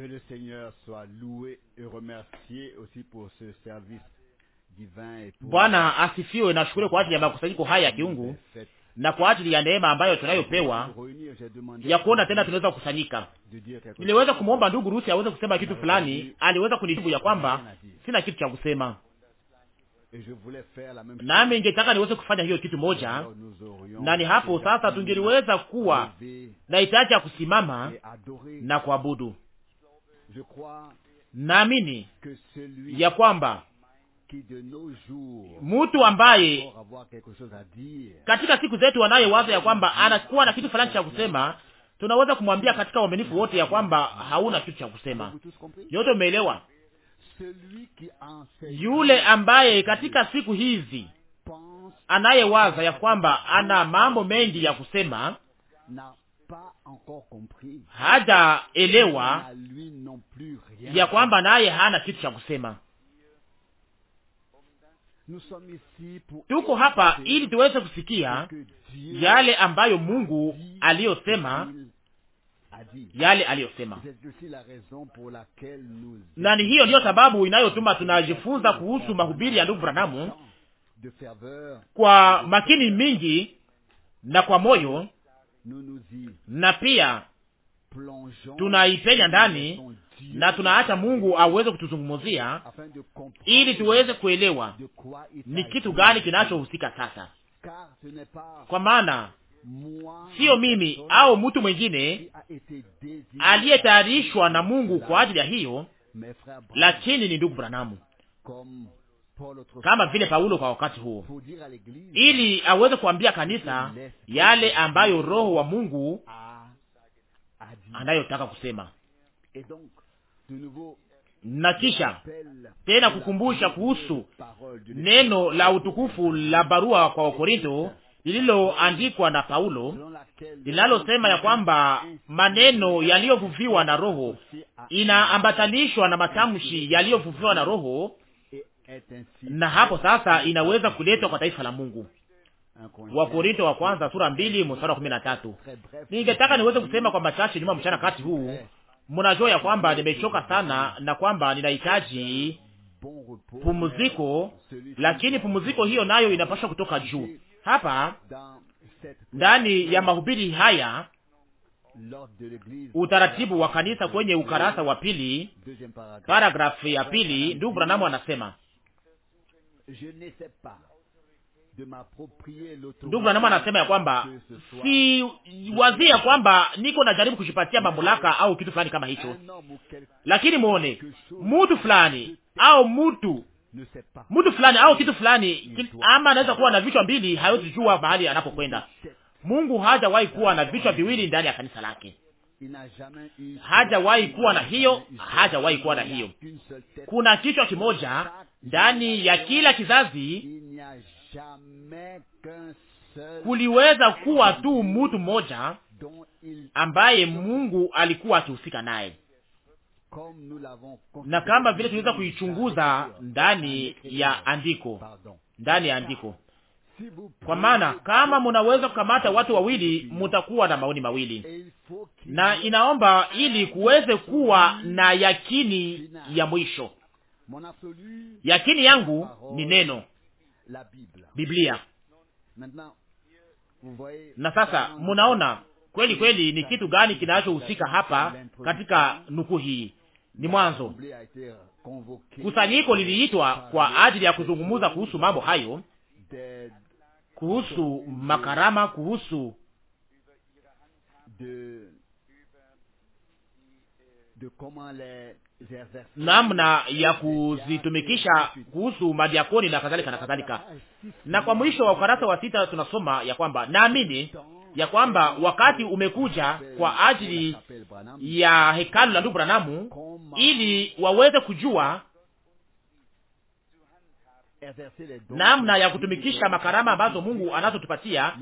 Que le Seigneur soit loué et remercié aussi pour ce service divin et pour Bwana asifiwe na shukuru kwa ajili ya makusanyiko haya ya kiungu na kwa ajili ya neema ambayo tunayopewa ya kuona tena tunaweza kukusanyika. Niliweza kumwomba ndugu Rusi aweze kusema kitu fulani, aliweza kunijibu ya kwamba sina kitu cha kusema, nami ningetaka niweze kufanya hiyo kitu moja, na ni hapo sasa tungeliweza kuwa na hitaji ya kusimama na kuabudu naamini ya kwamba mtu ambaye katika siku zetu wanaye waza ya kwamba anakuwa na kitu fulani cha kusema, tunaweza kumwambia katika uaminifu wote ya kwamba hauna kitu cha kusema. Yote umeelewa? Yule ambaye katika siku hizi anayewaza ya kwamba ana mambo mengi ya kusema hajaelewa ya kwamba naye hana kitu cha kusema. Tuko hapa ili tuweze kusikia yale ambayo Mungu aliyosema, yale aliyosema, na ni hiyo ndiyo sababu inayotuma tunajifunza kuhusu mahubiri ya ndugu Branamu kwa makini mingi na kwa moyo na pia tunaipenya ndani na tunaacha Mungu aweze kutuzungumzia ili tuweze kuelewa ni kitu gani kinachohusika sasa, kwa maana siyo mimi au mtu mwingine aliyetayarishwa na Mungu kwa ajili ya hiyo, lakini ni ndugu Branamu kama vile Paulo kwa wakati huo, ili aweze kuambia kanisa yale ambayo Roho wa Mungu anayotaka kusema, na kisha tena kukumbusha kuhusu neno la utukufu la barua kwa Wakorinto lililoandikwa na Paulo linalosema ya kwamba maneno yaliyovuviwa na Roho inaambatanishwa na matamshi yaliyovuviwa na Roho na hapo sasa inaweza kuletwa kwa taifa la Mungu. Uh, Wakorinto wa kwanza sura mbili mstari wa kumi na tatu. Ningetaka niweze kusema kwa machache nyuma mchana kati huu, mnajua ya kwamba nimechoka sana na kwamba ninahitaji pumziko, lakini pumziko hiyo nayo inapaswa kutoka juu. Hapa ndani ya mahubiri haya, utaratibu wa kanisa kwenye ukarasa wa pili, paragrafu ya pili, ndugu Branamu anasema Ndugu anama anasema ya kwamba si wazi ya kwamba niko najaribu kujipatia mamlaka au kitu fulani kama hicho, lakini muone mtu fulani au mtu mtu fulani au kitu fulani, ama anaweza kuwa na vichwa mbili, hayotujua mahali anapokwenda. Mungu hajawahi kuwa na vichwa viwili ndani ya kanisa lake hajawahi kuwa na hiyo, hajawahi kuwa na hiyo. Kuna kichwa kimoja ndani ya kila kizazi, kuliweza kuwa tu mtu mmoja ambaye Mungu alikuwa akihusika naye, na kama vile tuliweza kuichunguza ndani ya andiko, ndani ya andiko kwa maana kama munaweza kukamata watu wawili, mutakuwa na maoni mawili, na inaomba ili kuweze kuwa na yakini ya mwisho. Yakini yangu ni neno Biblia. Na sasa munaona kweli kweli ni kitu gani kinachohusika hapa katika nukuu hii. Ni mwanzo, kusanyiko liliitwa kwa ajili ya kuzungumza kuhusu mambo hayo, kuhusu makarama, kuhusu namna ya kuzitumikisha kuhusu madiakoni na kadhalika na kadhalika. Na kwa mwisho wa ukarasa wa sita tunasoma ya kwamba naamini ya kwamba wakati umekuja kwa ajili ya hekalu la ndugu Branamu ili waweze kujua namna ya kutumikisha makarama ambazo Mungu anazotupatia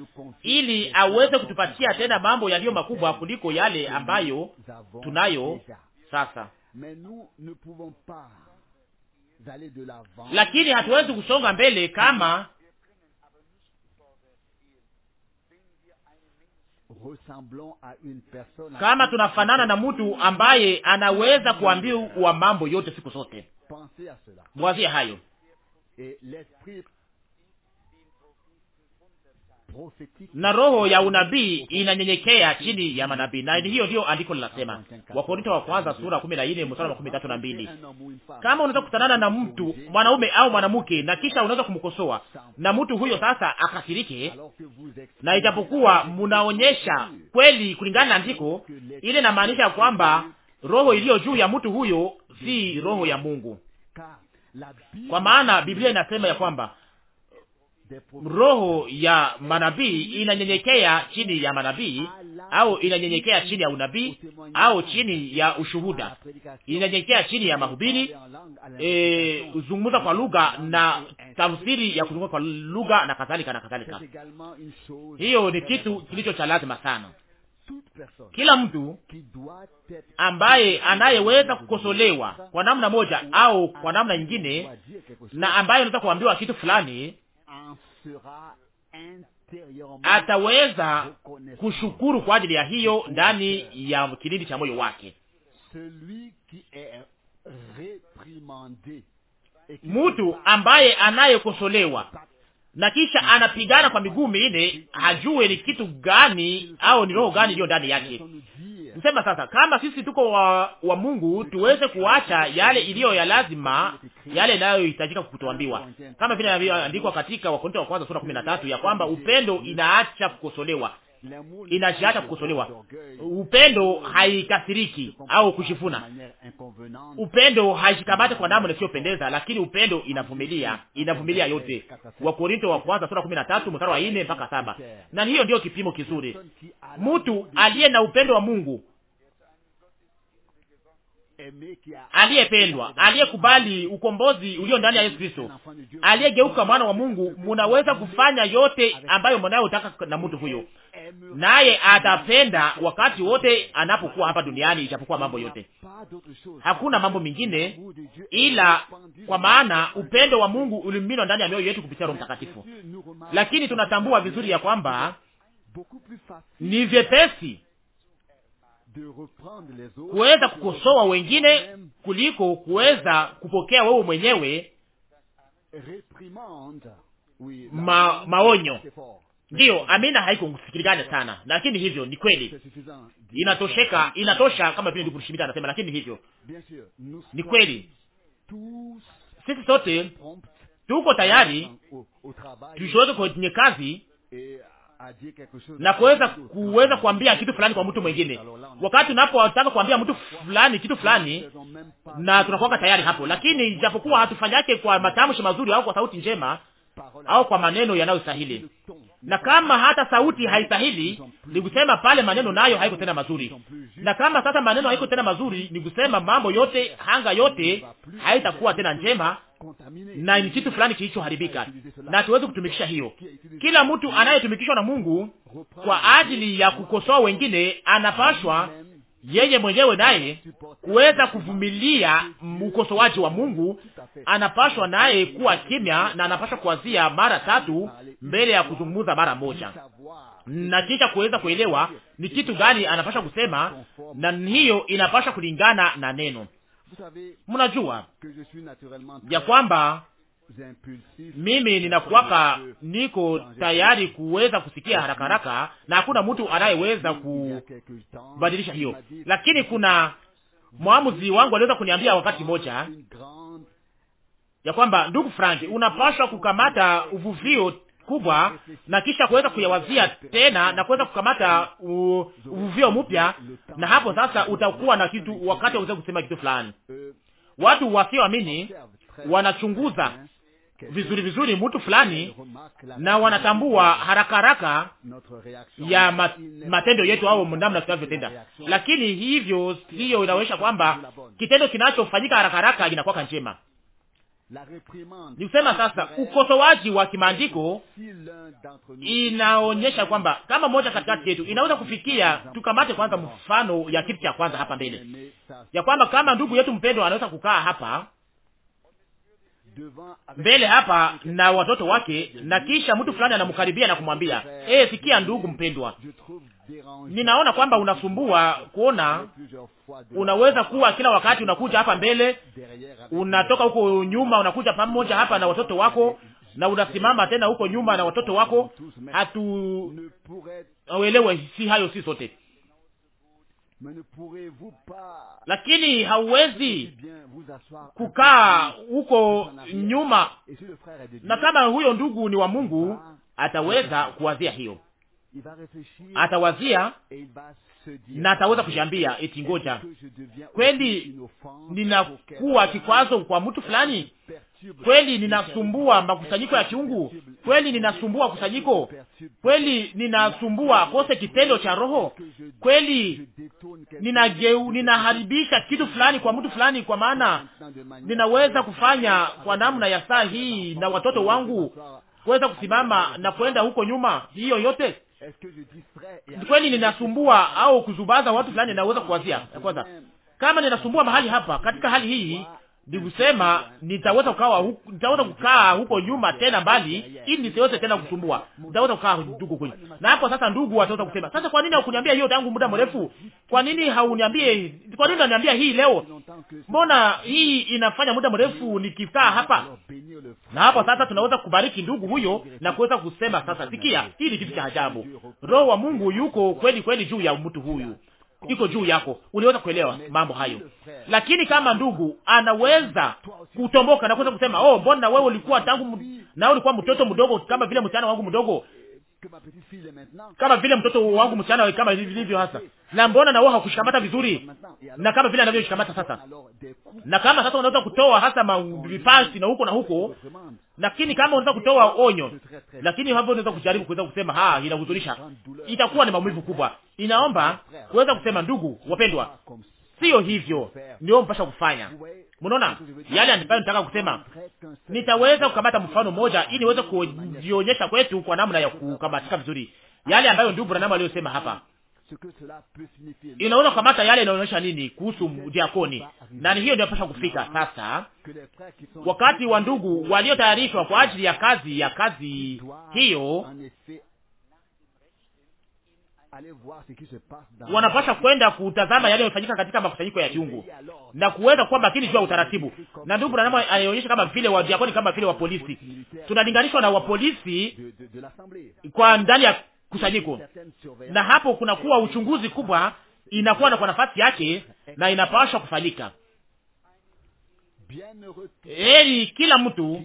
ili aweze kutupatia tena mambo yaliyo makubwa kuliko yale ambayo tunayo sasa lakini hatuwezi kusonga mbele kama kama tunafanana na mtu ambaye anaweza kuambiwa mambo yote siku zote. Mwazie hayo na roho ya unabii inanyenyekea chini ya manabii, na hiyo ndiyo andiko linasema, Wakorinto wa kwanza sura kumi na nne mstari wa kumi tatu na mbili. Kama unaweza kukutanana na mtu mwanaume au mwanamke, na kisha unaweza kumkosoa na mtu huyo sasa akashiriki, na ijapokuwa munaonyesha kweli kulingana na andiko ile, inamaanisha kwamba roho iliyo juu ya mtu huyo si roho ya Mungu, kwa maana Biblia inasema ya kwamba roho ya manabii inanyenyekea chini ya manabii au inanyenyekea chini ya unabii au chini ya ushuhuda, inanyenyekea chini ya mahubiri, e, kuzungumza kwa lugha na tafsiri ya kuzungumza kwa lugha na kadhalika na kadhalika. Hiyo ni kitu kilicho cha lazima sana. Kila mtu ambaye anayeweza kukosolewa kwa namna moja au kwa namna nyingine, na ambaye anaweza kuambiwa kitu fulani ataweza kushukuru kwa ajili ya hiyo ndani ya kilindi cha moyo wake. Mtu ambaye anayekosolewa na kisha anapigana kwa miguu minne, hajue ni kitu gani au ni roho gani iliyo ndani yake. Nisema sasa, kama sisi tuko wa, wa Mungu tuweze kuacha yale iliyo ya lazima, yale inayohitajika kutuambiwa, kama vile andikwa katika Wakorintho wa kwanza sura kumi na tatu ya kwamba upendo inaacha kukosolewa inajiacha kukosolewa. Upendo haikasiriki au kushifuna. Upendo haishikamate kwa damu isiyopendeza, lakini upendo inavumilia, inavumilia yote. Wakorinto wa kwanza sura kumi na tatu mstari wa nne mpaka saba. Na hiyo ndiyo kipimo kizuri, mtu aliye na upendo wa Mungu aliyependwa, aliyekubali ukombozi ulio ndani ya Yesu Kristo, aliyegeuka mwana wa Mungu, munaweza kufanya yote ambayo mnayotaka na mtu huyo, naye atapenda wakati wote anapokuwa hapa duniani. Ijapokuwa mambo yote, hakuna mambo mengine ila, kwa maana upendo wa Mungu ulimiminwa ndani ya mioyo yetu kupitia Roho Mtakatifu. Lakini tunatambua vizuri ya kwamba ni vyepesi kuweza kukosoa wengine kuliko kuweza kupokea wewe mwenyewe ma, maonyo. Ndiyo, amina, haikusikilikana sana, lakini hivyo ni kweli, inatosheka, inatosha kama vile ndugu anasema, lakini hivyo ni kweli. Sisi sote tuko tayari tushoweke kwenye kazi na kuweza kuweza kuambia kitu fulani kwa mtu mwingine. Wakati unapotaka kuambia mtu fulani kitu fulani, na tunakuwa tayari hapo, lakini japokuwa hatufanyake kwa matamshi mazuri au kwa sauti njema au kwa maneno yanayostahili, na kama hata sauti haistahili, ni kusema pale maneno nayo haiko tena mazuri. Na kama sasa maneno haiko tena mazuri, ni kusema mambo yote, hanga yote haitakuwa tena njema, na ni kitu fulani kilichoharibika, na tuweze kutumikisha hiyo. Kila mtu anayetumikishwa na Mungu kwa ajili ya kukosoa wengine anapashwa yeye mwenyewe naye kuweza kuvumilia ukosoaji wa Mungu, anapashwa naye kuwa kimya na anapashwa kuwazia mara tatu mbele ya kuzungumza mara moja, na kisha kuweza kuelewa ni kitu gani anapashwa kusema, na hiyo inapashwa kulingana na neno. Mnajua ya kwamba mimi ninakuwaka, niko tayari kuweza kusikia haraka haraka, na hakuna mtu anayeweza kubadilisha hiyo. Lakini kuna mwamuzi wangu aliweza kuniambia wakati mmoja ya kwamba, ndugu Frank, unapaswa kukamata uvuvio kubwa na kisha kuweza kuyawazia tena na kuweza kukamata uvuvio mpya, na hapo sasa utakuwa na kitu wakati wa kusema kitu fulani. Watu wasioamini wanachunguza vizuri vizuri mtu fulani, na wanatambua haraka haraka ya matendo yetu au namna tunavyotenda, lakini hivyo hiyo inaonyesha kwamba kitendo kinachofanyika haraka haraka inakuwa njema. Ni kusema sasa, ukosoaji wa kimaandiko inaonyesha kwamba kama moja katikati yetu inaweza kufikia, tukamate kwanza mfano ya kitu cha kwanza hapa mbele, ya kwamba kama ndugu yetu mpendwa anaweza kukaa hapa mbele hapa na watoto wake, na kisha mtu fulani anamkaribia na kumwambia eh, sikia ndugu mpendwa, ninaona kwamba unasumbua kuona, unaweza kuwa kila wakati unakuja hapa mbele, unatoka huko nyuma, unakuja pamoja hapa na watoto wako na unasimama tena huko nyuma na watoto wako. Hatuelewe si hayo, si sote lakini hauwezi kukaa huko nyuma, na kama huyo ndugu ni wa Mungu ataweza kuwazia hiyo, atawazia na ataweza kushambia eti ngoja kweli ninakuwa kikwazo kwa mtu fulani, Kweli ninasumbua makusanyiko ya kiungu, kweli ninasumbua kusanyiko, kweli ninasumbua kose kitendo cha Roho, kweli ninageu, ninaharibisha kitu fulani kwa mtu fulani, kwa maana ninaweza kufanya kwa namna ya saa hii na watoto wangu kuweza kusimama na kwenda huko nyuma. Hiyo yote kweli ninasumbua au kuzubaza watu fulani, naweza kuwazia kwanza, kama ninasumbua mahali hapa katika hali hii ni kusema nitaweza kukaa huko, nitaweza kukaa huko nyuma tena mbali, ili nisiweze tena kusumbua. Nitaweza kukaa ndugu kwenye na hapo sasa. Ndugu wataweza kusema sasa, kwa nini haukuniambia hiyo tangu muda mrefu? Kwa nini hauniambie? Kwa nini unaniambia hii leo? Mbona hii inafanya muda mrefu nikikaa hapa? Na hapo sasa tunaweza kubariki ndugu huyo na kuweza kusema sasa, sikia, hii ni kitu cha ajabu. Roho wa Mungu yuko kweli kweli juu ya mtu huyu iko juu yako, uliweza kuelewa mambo hayo. Lakini kama ndugu anaweza kutomboka na kuweza kusema oh, mbona wewe ulikuwa tangu na ulikuwa mtoto mdogo kama vile msichana wangu mdogo, kama vile mtoto wangu msichana, kama vilivyo hasa, na mbona na wao hakushikamata vizuri, na kama vile anavyoshikamata sasa, na kama sasa unaweza kutoa hasa vipasi na huko na huko, lakini kama unaweza kutoa onyo, lakini hapo unaweza kujaribu kuweza kusema ha, ah, inahuzunisha, itakuwa ni maumivu kubwa. Inaomba kuweza kusema, ndugu wapendwa, sio hivyo ndio mpasha kufanya Mnaona yale ambayo nataka kusema. Nitaweza kukamata mfano mmoja ili niweze kujionyesha kwetu kwa namna ya kukamatika vizuri yale ambayo ndugu Branham aliyosema hapa. Inaweza kukamata yale inaonyesha nini kuhusu diakoni, na hiyo ndio inapaswa kufika sasa, wakati wa ndugu waliotayarishwa kwa ajili ya kazi ya kazi hiyo wanapasha kwenda kutazama yale yanayofanyika katika makusanyiko ya kiungu na kuweza kuwa makini juu ya utaratibu. Na ndugu Branham anaonyesha kama vile wa diakoni, kama vile wa polisi, tunalinganishwa na wa polisi kwa ndani ya kusanyiko, na hapo kunakuwa uchunguzi kubwa, inakuwa na kwa nafasi yake na inapaswa kufanyika Heri kila mtu,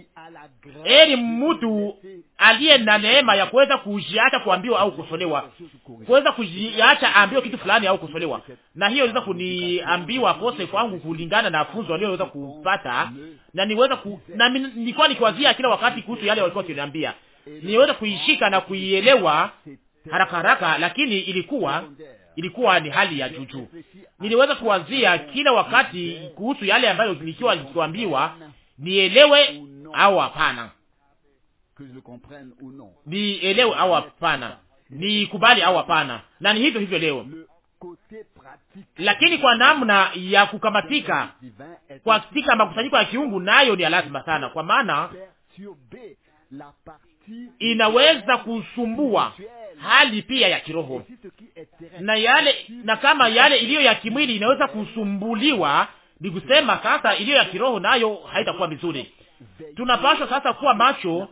heri mtu aliye na neema ya kuweza kujiacha kuambiwa au kusolewa, kuweza kujiacha ambiwa kitu fulani au kusolewa. Na hiyo iliweza kuniambiwa kose kwangu kulingana na funzo aliyoweza kupata, na niweza ku, na nilikuwa nikiwazia kila wakati kuhusu yale walikuwa wakiniambia, niweza kuishika na kuielewa haraka haraka, lakini ilikuwa ilikuwa ni hali ya juju. Niliweza kuwazia kila wakati kuhusu yale ambayo nikiwa nikiambiwa nielewe au hapana, nielewe au hapana, nikubali au hapana, na ni hivyo hivyo leo lakini kwa namna ya kukamatika katika makusanyiko ya kiungu, nayo ni lazima sana, kwa maana inaweza kusumbua hali pia ya kiroho, na yale na kama yale iliyo ya kimwili inaweza kusumbuliwa, ni kusema sasa iliyo ya kiroho nayo haitakuwa vizuri. Tunapaswa sasa kuwa macho,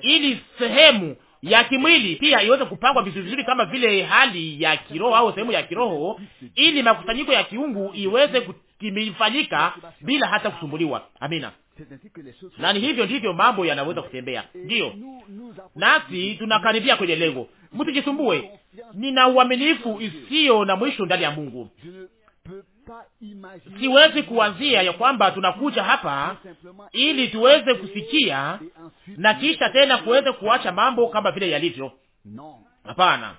ili sehemu ya kimwili pia iweze kupangwa vizuri vizuri, kama vile hali ya kiroho au sehemu ya kiroho, ili makusanyiko ya kiungu iweze kufanyika bila hata kusumbuliwa. Amina na ni hivyo ndivyo mambo yanaweza kutembea. Ndiyo, nasi tunakaribia kwenye lengo. Msijisumbue, nina uaminifu isiyo na mwisho ndani ya Mungu. Siwezi kuanzia ya kwamba tunakuja hapa ili tuweze kusikia na kisha tena kuweze kuacha mambo kama vile yalivyo. Hapana,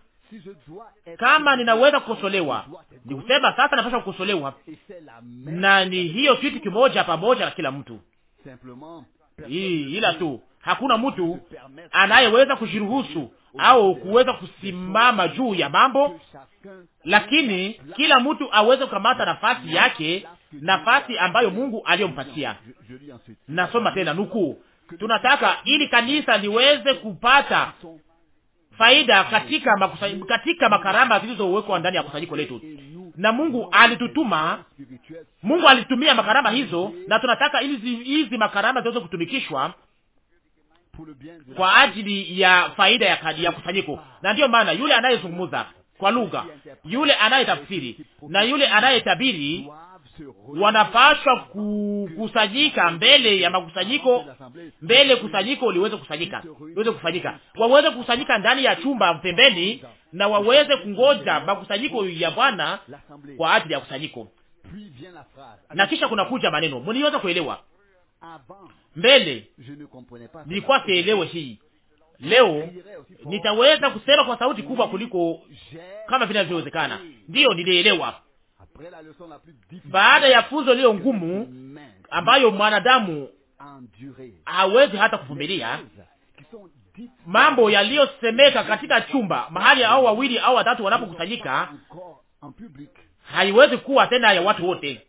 kama ninaweza kukosolewa, ni kusema sasa napasha kukosolewa, na ni hiyo kitu kimoja pamoja na kila mtu hii, ila tu hakuna mtu anayeweza kujiruhusu au kuweza kusimama juu ya mambo, lakini kila mtu aweze kukamata nafasi yake, nafasi ambayo Mungu aliyompatia. Nasoma tena nukuu, tunataka ili kanisa liweze kupata faida katika, makusa, katika makarama zilizowekwa ndani ya kusanyiko letu na Mungu alitutuma, Mungu alitumia makarama hizo, na tunataka hizi makarama ziweze kutumikishwa kwa ajili ya faida ya kadi ya kusanyiko, na ndiyo maana yule anayezungumza kwa lugha, yule anayetafsiri na yule anayetabiri wanapaswa kukusanyika mbele ya makusanyiko, mbele kusanyiko liweze kusanyika, liweze kufanyika, waweze kukusanyika ndani ya chumba pembeni, na waweze kungoja makusanyiko ya Bwana kwa ajili ya kusanyiko. Na kisha kuna kuja maneno, mniweza kuelewa mbele. Nilikuwa sielewe hii Leo nitaweza kusema kwa sauti kubwa kuliko kama vinavyowezekana Ndiyo, nilielewa baada ya funzo liyo ngumu ambayo mwanadamu hawezi hata kuvumilia, mambo yaliyosemeka katika chumba mahali au wawili au watatu wanapokusanyika, haiwezi kuwa tena ya watu wote.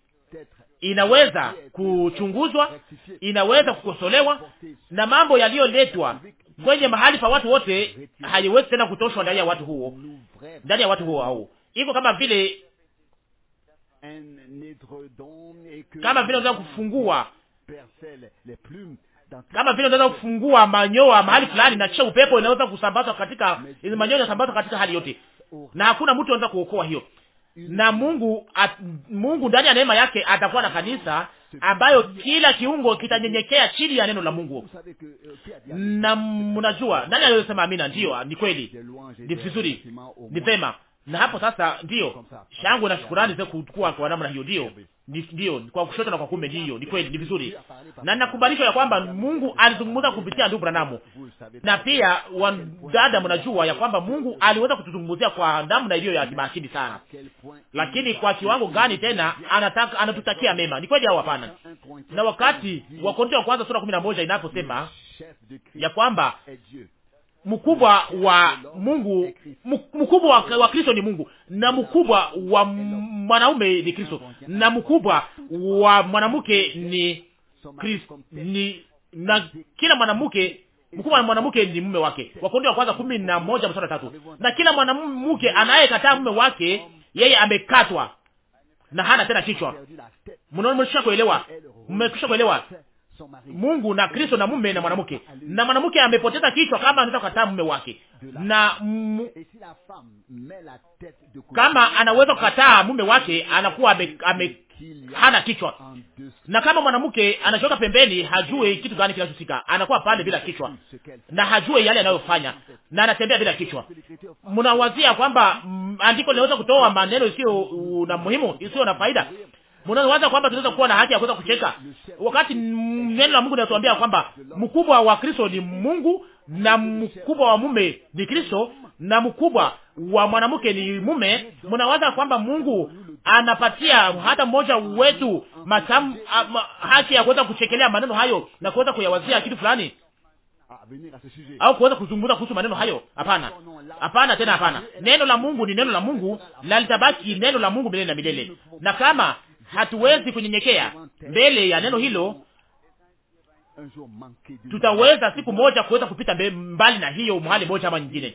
Inaweza kuchunguzwa, inaweza kukosolewa, na mambo yaliyoletwa kwenye mahali pa watu wote haiwezi tena kutoshwa ndani ya watu huo, ndani ya watu huo au Iko kama vile kama vile unaweza kufungua kama vile unaweza kufungua manyoa mahali fulani, na kisha upepo inaweza kusambazwa katika ile manyoa, inasambazwa katika hali yote, na hakuna mtu anaweza kuokoa hiyo. Na Mungu at, Mungu ndani ya neema yake atakuwa na kanisa ambayo kila kiungo kitanyenyekea chini ya neno la Mungu. Euh, na mnajua nani aliyosema amina? Ndio, ni kweli, ni vizuri, ni vema na hapo sasa ndiyo shangwe na shukurani ze kuchukua kwa namna hiyo, ndiyo ndiyo, kwa kushoto na kwa kume, ndiyo ni kweli, ni vizuri, na nakubalishwa ya kwamba Mungu alizungumza kupitia ndugu Branamu, na pia wadada, mnajua ya kwamba Mungu aliweza kutuzungumzia kwa namna iliyo ya kimakini sana, lakini kwa kiwango gani tena anataka anatutakia mema, ni kweli au hapana? Na wakati wa wa kwanza sura 11 inaposema ya kwamba mkubwa wa Mungu, mkubwa wa Kristo ni Mungu, na mkubwa wa mwanaume ni Kristo, na mkubwa wa mwanamke ni Kristo, ni na kila mwanamke mkubwa wa mwanamke ni mume wake. Wakorintho wa kwanza kumi na moja mstari tatu. Na kila mwanamke anayekataa mume wake yeye amekatwa na hana tena kichwa. Mnaona, mmeshakuelewa? mmekwisha kuelewa Mungu na Kristo na mume na mwanamke, na mwanamke amepoteza kichwa kama anaweza kukataa mume wake, na m... kama anaweza kukataa mume wake anakuwa ame, ame hana kichwa, na kama mwanamke anashoka pembeni, hajue kitu gani kinachosika, anakuwa pale bila kichwa na hajue yale anayofanya na anatembea bila kichwa. Mnawazia kwamba mm, andiko linaweza kutoa maneno isiyo na muhimu, isiyo na faida Mnawaza kwamba tunaweza kuwa na haki ya kuweza kucheka wakati neno la Mungu linatuambia kwamba mkubwa wa Kristo ni Mungu na mkubwa wa mume ni Kristo na mkubwa wa mwanamke ni mume. Mnawaza kwamba Mungu anapatia hata mmoja wetu matamu haki ya kuweza kuchekelea maneno hayo na kuweza kuyawazia kitu fulani au kuweza kuzungumza kuhusu maneno hayo? Hapana, hapana, tena hapana. Neno la Mungu ni neno la Mungu na litabaki neno la Mungu milele na milele, na kama hatuwezi kunyenyekea mbele ya neno hilo, tutaweza siku moja kuweza kupita mbali na hiyo mahali moja ama nyingine.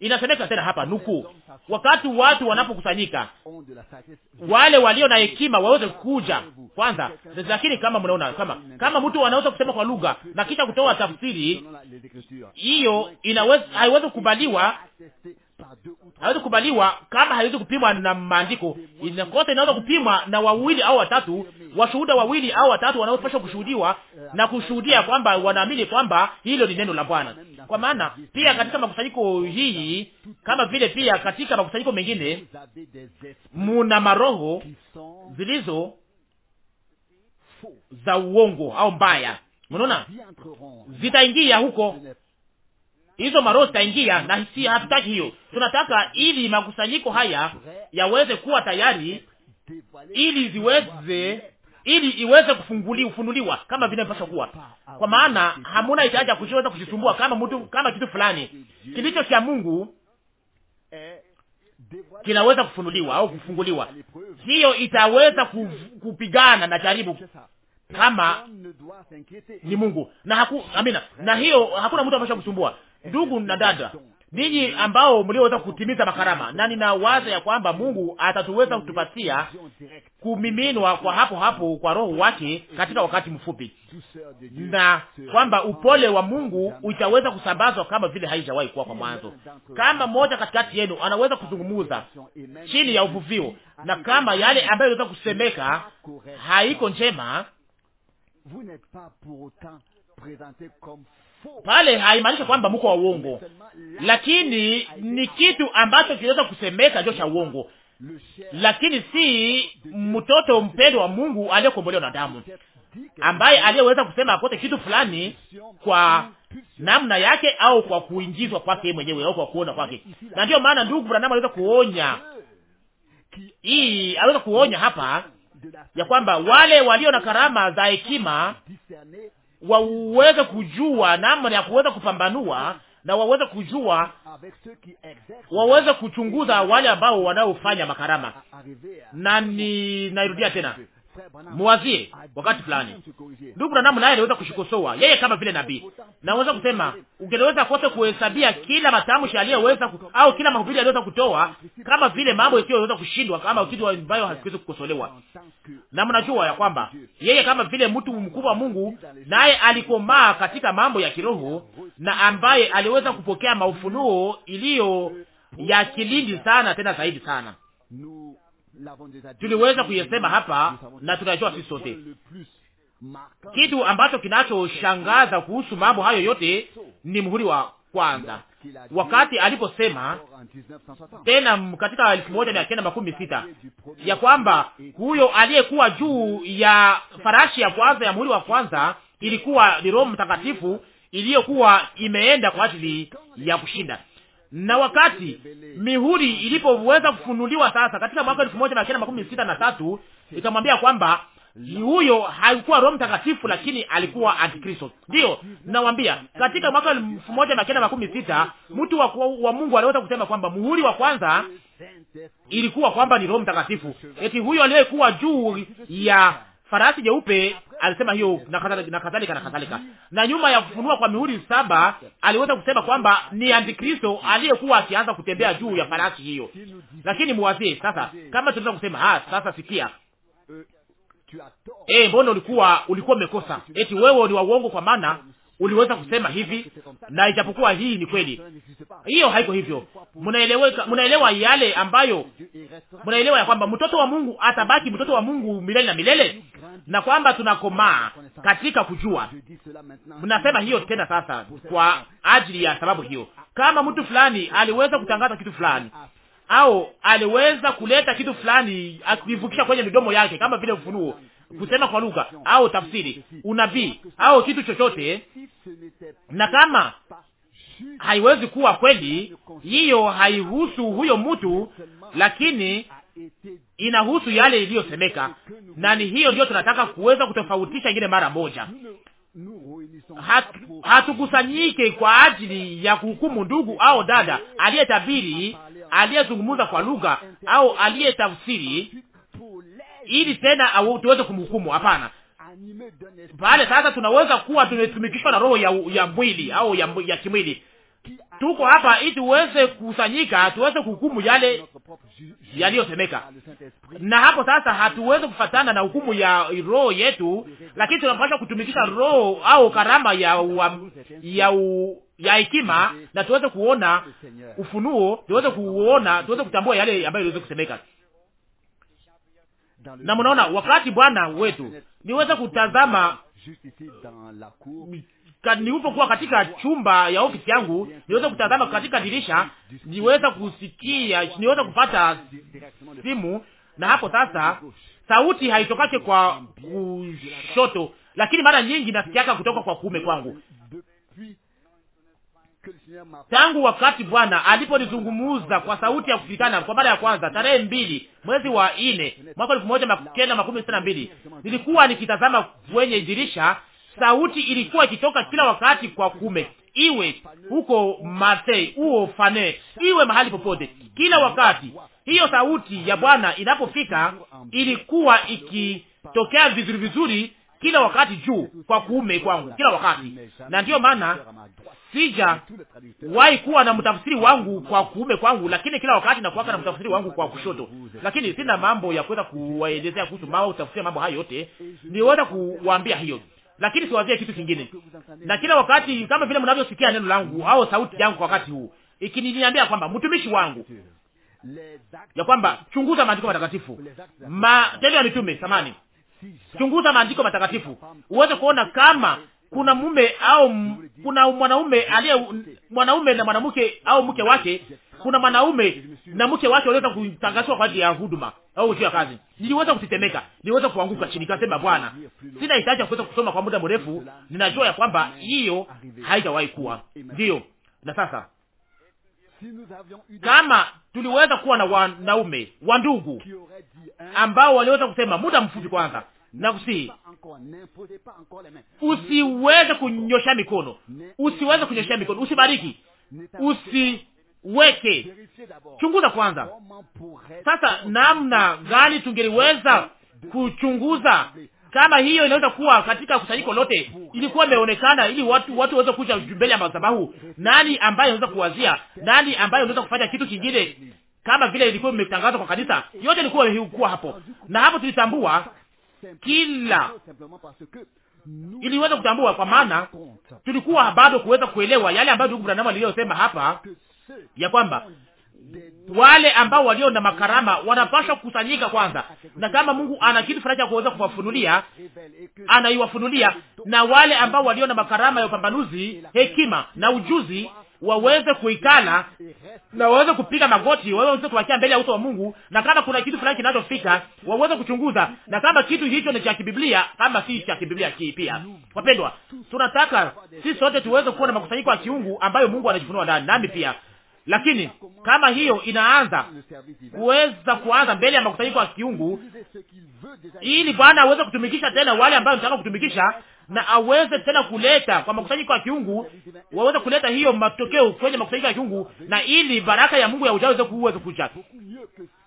Inasemeka tena hapa nuku, wakati watu wanapokusanyika, wale walio na hekima waweze kuja kwanza. Lakini kama mnaona, kama kama mtu anaweza kusema kwa lugha na kisha kutoa tafsiri, hiyo inaweza haiwezi kukubaliwa hawezi kubaliwa kama haiwezi kupimwa na maandiko. Inakosa inaweza kupimwa na wawili au watatu, washuhuda wawili au watatu wanaopaswa kushuhudiwa na kushuhudia kwamba wanaamini kwamba hilo ni neno la Bwana. Kwa maana pia katika makusanyiko hii, kama vile pia katika makusanyiko mengine, muna maroho zilizo za uongo au mbaya, mnaona, zitaingia huko hizo maroho zitaingia, na si hatutaki hiyo. Tunataka ili makusanyiko haya yaweze kuwa tayari, ili ziweze ili iweze kufunguli ufunuliwa kama vile inapaswa kuwa, kwa maana hamuna itaja ya kuweza kujisumbua kama mtu kama kitu fulani kilicho cha Mungu kinaweza kufunuliwa au kufunguliwa. Hiyo itaweza kuf, kupigana na jaribu kama ni Mungu na haku, amina. Na hiyo hakuna mtu ambaye kusumbua. Ndugu na dada, ninyi ambao mlioweza kutimiza makarama, na nina waza ya kwamba Mungu atatuweza kutupatia kumiminwa kwa hapo hapo kwa Roho wake katika wakati mfupi, na kwamba upole wa Mungu utaweza kusambazwa kama vile haijawahi kuwa kwa mwanzo. Kama mmoja katikati yenu anaweza kuzungumuza chini ya uvuvio, na kama yale ambayo inaweza kusemeka haiko njema pale haimaanishi kwamba mko wa uongo, lakini ni kitu ambacho kinaweza kusemeka jo cha uongo, lakini si mtoto mpendo wa Mungu aliyekombolewa na damu, ambaye aliyeweza kusema apote kitu fulani kwa namna yake au kwa kuingizwa kwake mwenyewe au kwa kuona kwake. Na ndiyo maana ndugu Branham aliweza kuonya hii, aliweza kuonya hapa ya kwamba wale walio na karama za hekima waweze kujua namna ya kuweza kupambanua na waweze kujua, waweze kuchunguza wale ambao wanaofanya makarama. Na ni nairudia tena, muwazie wakati fulani. Ndugu Branamu naye aliweza kushikosoa yeye kama vile nabii, naweza kusema ungeweza kote kuhesabia kila matamshi aliyeweza au kila mahubiri aliyoweza kutoa kama vile mambo yasiyoweza kushindwa, kama kitu ambayo hakiwezi kukosolewa. Na mnajua ya kwamba yeye kama vile mtu mkubwa wa Mungu, naye alikomaa katika mambo ya kiroho, na ambaye aliweza kupokea maufunuo iliyo ya kilindi sana tena zaidi sana tuliweza kuyesema hapa na tunajua sisi sote. Kitu ambacho kinachoshangaza kuhusu mambo hayo yote ni muhuri wa kwanza, wakati aliposema tena katika elfu moja mia kenda makumi sita ya kwamba huyo aliyekuwa juu ya farashi ya kwanza ya muhuri wa kwanza ilikuwa ni Roho Mtakatifu iliyokuwa imeenda kwa ajili ya kushinda na wakati mihuri ilipoweza kufunuliwa sasa katika mwaka elfu moja mia kenda makumi sita na tatu ikamwambia kwamba huyo haikuwa Roho Mtakatifu, lakini alikuwa Antikristo. Ndiyo nawambia, katika mwaka elfu moja mia kenda makumi sita mtu wa, wa Mungu aliweza kusema kwamba muhuri wa kwanza ilikuwa kwamba ni Roho Mtakatifu, eti huyo aliyekuwa juu ya farasi jeupe alisema hiyo na kadhalika na kadhalika na kadhalika. Na nyuma ya kufunua kwa mihuri saba aliweza kusema kwamba ni antikristo aliyekuwa akianza kutembea juu ya farasi hiyo. Lakini muwazie sasa, kama tunaweza kusema ah, sasa sikia, eh, mbona ulikuwa ulikuwa umekosa, eti wewe ni wa uongo, kwa maana uliweza kusema hivi, na ijapokuwa hii ni kweli, hiyo haiko hivyo. Mnaeleweka, mnaelewa yale ambayo mnaelewa ya kwamba mtoto wa Mungu atabaki mtoto wa Mungu milele na milele, na kwamba tunakomaa katika kujua. Mnasema hiyo tena sasa kwa ajili ya sababu hiyo, kama mtu fulani aliweza kutangaza kitu fulani au aliweza kuleta kitu fulani akivukisha kwenye midomo yake, kama vile ufunuo kusema kwa lugha au tafsiri, unabii au kitu chochote, na kama haiwezi kuwa kweli, hiyo haihusu huyo mtu, lakini inahusu yale iliyosemeka, na ni hiyo ndio tunataka kuweza kutofautisha ingine mara moja. Hatukusanyike kwa ajili ya kuhukumu ndugu au dada aliyetabiri, aliyezungumza kwa lugha au aliyetafsiri, ili tena tuweze kumhukumu. Hapana, pale sasa tunaweza kuwa tumetumikishwa na roho ya, ya mwili au ya, ya kimwili. Tuko hapa ili tuweze kusanyika, tuweze kuhukumu yale yaliyosemeka, na hapo sasa hatuwezi kufatana na hukumu ya roho yetu, lakini tunapaswa kutumikisha roho au karama ya wa, ya u, ya hekima, na tuweze kuona ufunuo, tuweze kuona, tuweze kutambua yale ambayo iliweze kusemeka. Na mnaona wakati Bwana wetu niweza kutazama nilipokuwa katika chumba ya ofisi yangu, niweza kutazama katika dirisha, niweza kusikia, niweza kupata simu, na hapo sasa sauti haitokake kwa kushoto, lakini mara nyingi nasikiaka kutoka kwa kuume kwangu tangu wakati Bwana aliponizungumuza kwa sauti ya kufikana kwa mara ya kwanza tarehe mbili mwezi wa nne mwaka elfu moja makenda makumi sita na mbili nilikuwa nikitazama kwenye dirisha. Sauti ilikuwa ikitoka kila wakati kwa kume, iwe huko Marseille uo fane, iwe mahali popote, kila wakati hiyo sauti ya Bwana inapofika ilikuwa ikitokea vizuri vizuri kila wakati juu kwa kuume kwangu kila wakati, na ndiyo maana sija wahi kuwa na mtafsiri wangu kwa kuume kwangu, lakini kila wakati nakuwaka na mtafsiri wangu kwa kushoto. Lakini sina mambo ya kuweza kuwaelezea kuhusu mao tafsiri mambo hayo yote, niweza kuwaambia hiyo, lakini siwazie kitu kingine. Na kila wakati kama vile mnavyosikia neno langu au sauti yangu kwa wakati huu ikininiambia kwamba mtumishi wangu ya kwamba chunguza maandiko matakatifu, matendo ya mitume samani Chunguza maandiko matakatifu uweze kuona kama kuna mume au kuna mwanaume aliye mwanaume na mwanamke au mke wake. Kuna mwanaume na mke wake waliweza kutangazwa kwa ajili ya huduma au juu ya kazi. Niliweza kutetemeka, niliweza kuanguka chini, kasema Bwana, sina hitaji ya kuweza kusoma kwa muda mrefu. Ninajua ya kwamba hiyo haijawahi kuwa ndiyo. Na sasa kama tuliweza kuwa na wanaume wa ndugu ambao waliweza kusema muda mfupi kwanza na kusi usiweze kunyosha mikono, usiweze kunyosha mikono, usibariki, usiweke, chunguza kwanza. Sasa namna gani tungeliweza kuchunguza kama hiyo inaweza kuwa katika kusanyiko lote, ilikuwa imeonekana ili watu watu waweze kuja mbele ya madhabahu. Nani ambaye anaweza kuwazia? Nani ambaye anaweza kufanya kitu kingine kama vile ilikuwa imetangazwa kwa kanisa? Yote ilikuwa ilikuwa hapo, na hapo tulitambua kila iliweza kutambua, kwa maana tulikuwa bado kuweza kuelewa yale ambayo ndugu Branham aliyosema hapa ya kwamba wale ambao walio na makarama wanapaswa kukusanyika kwanza, na kama Mungu ana kitu fulani cha kuweza kuwafunulia, anaiwafunulia na wale ambao walio na makarama ya upambanuzi, hekima na ujuzi waweze kuikala na waweze kupiga magoti, waweze kuwakia mbele ya uso wa Mungu, na kama kuna kitu fulani kinachofika waweze kuchunguza, na kama kitu hicho ni cha kibiblia, kama si cha kibiblia ki pia. Wapendwa, tunataka sisi sote tuweze kuwa na makusanyiko ya kiungu ambayo Mungu anajifunua ndani, nami pia lakini kama hiyo inaanza kuweza kuanza mbele ya makusanyiko ya kiungu, ili Bwana aweze kutumikisha tena wale ambao nataka kutumikisha, na aweze tena kuleta kwa makusanyiko ya kiungu, waweze kuleta hiyo matokeo kwenye makusanyiko ya kiungu, na ili baraka ya Mungu ya ujao iweze kuweza kuja,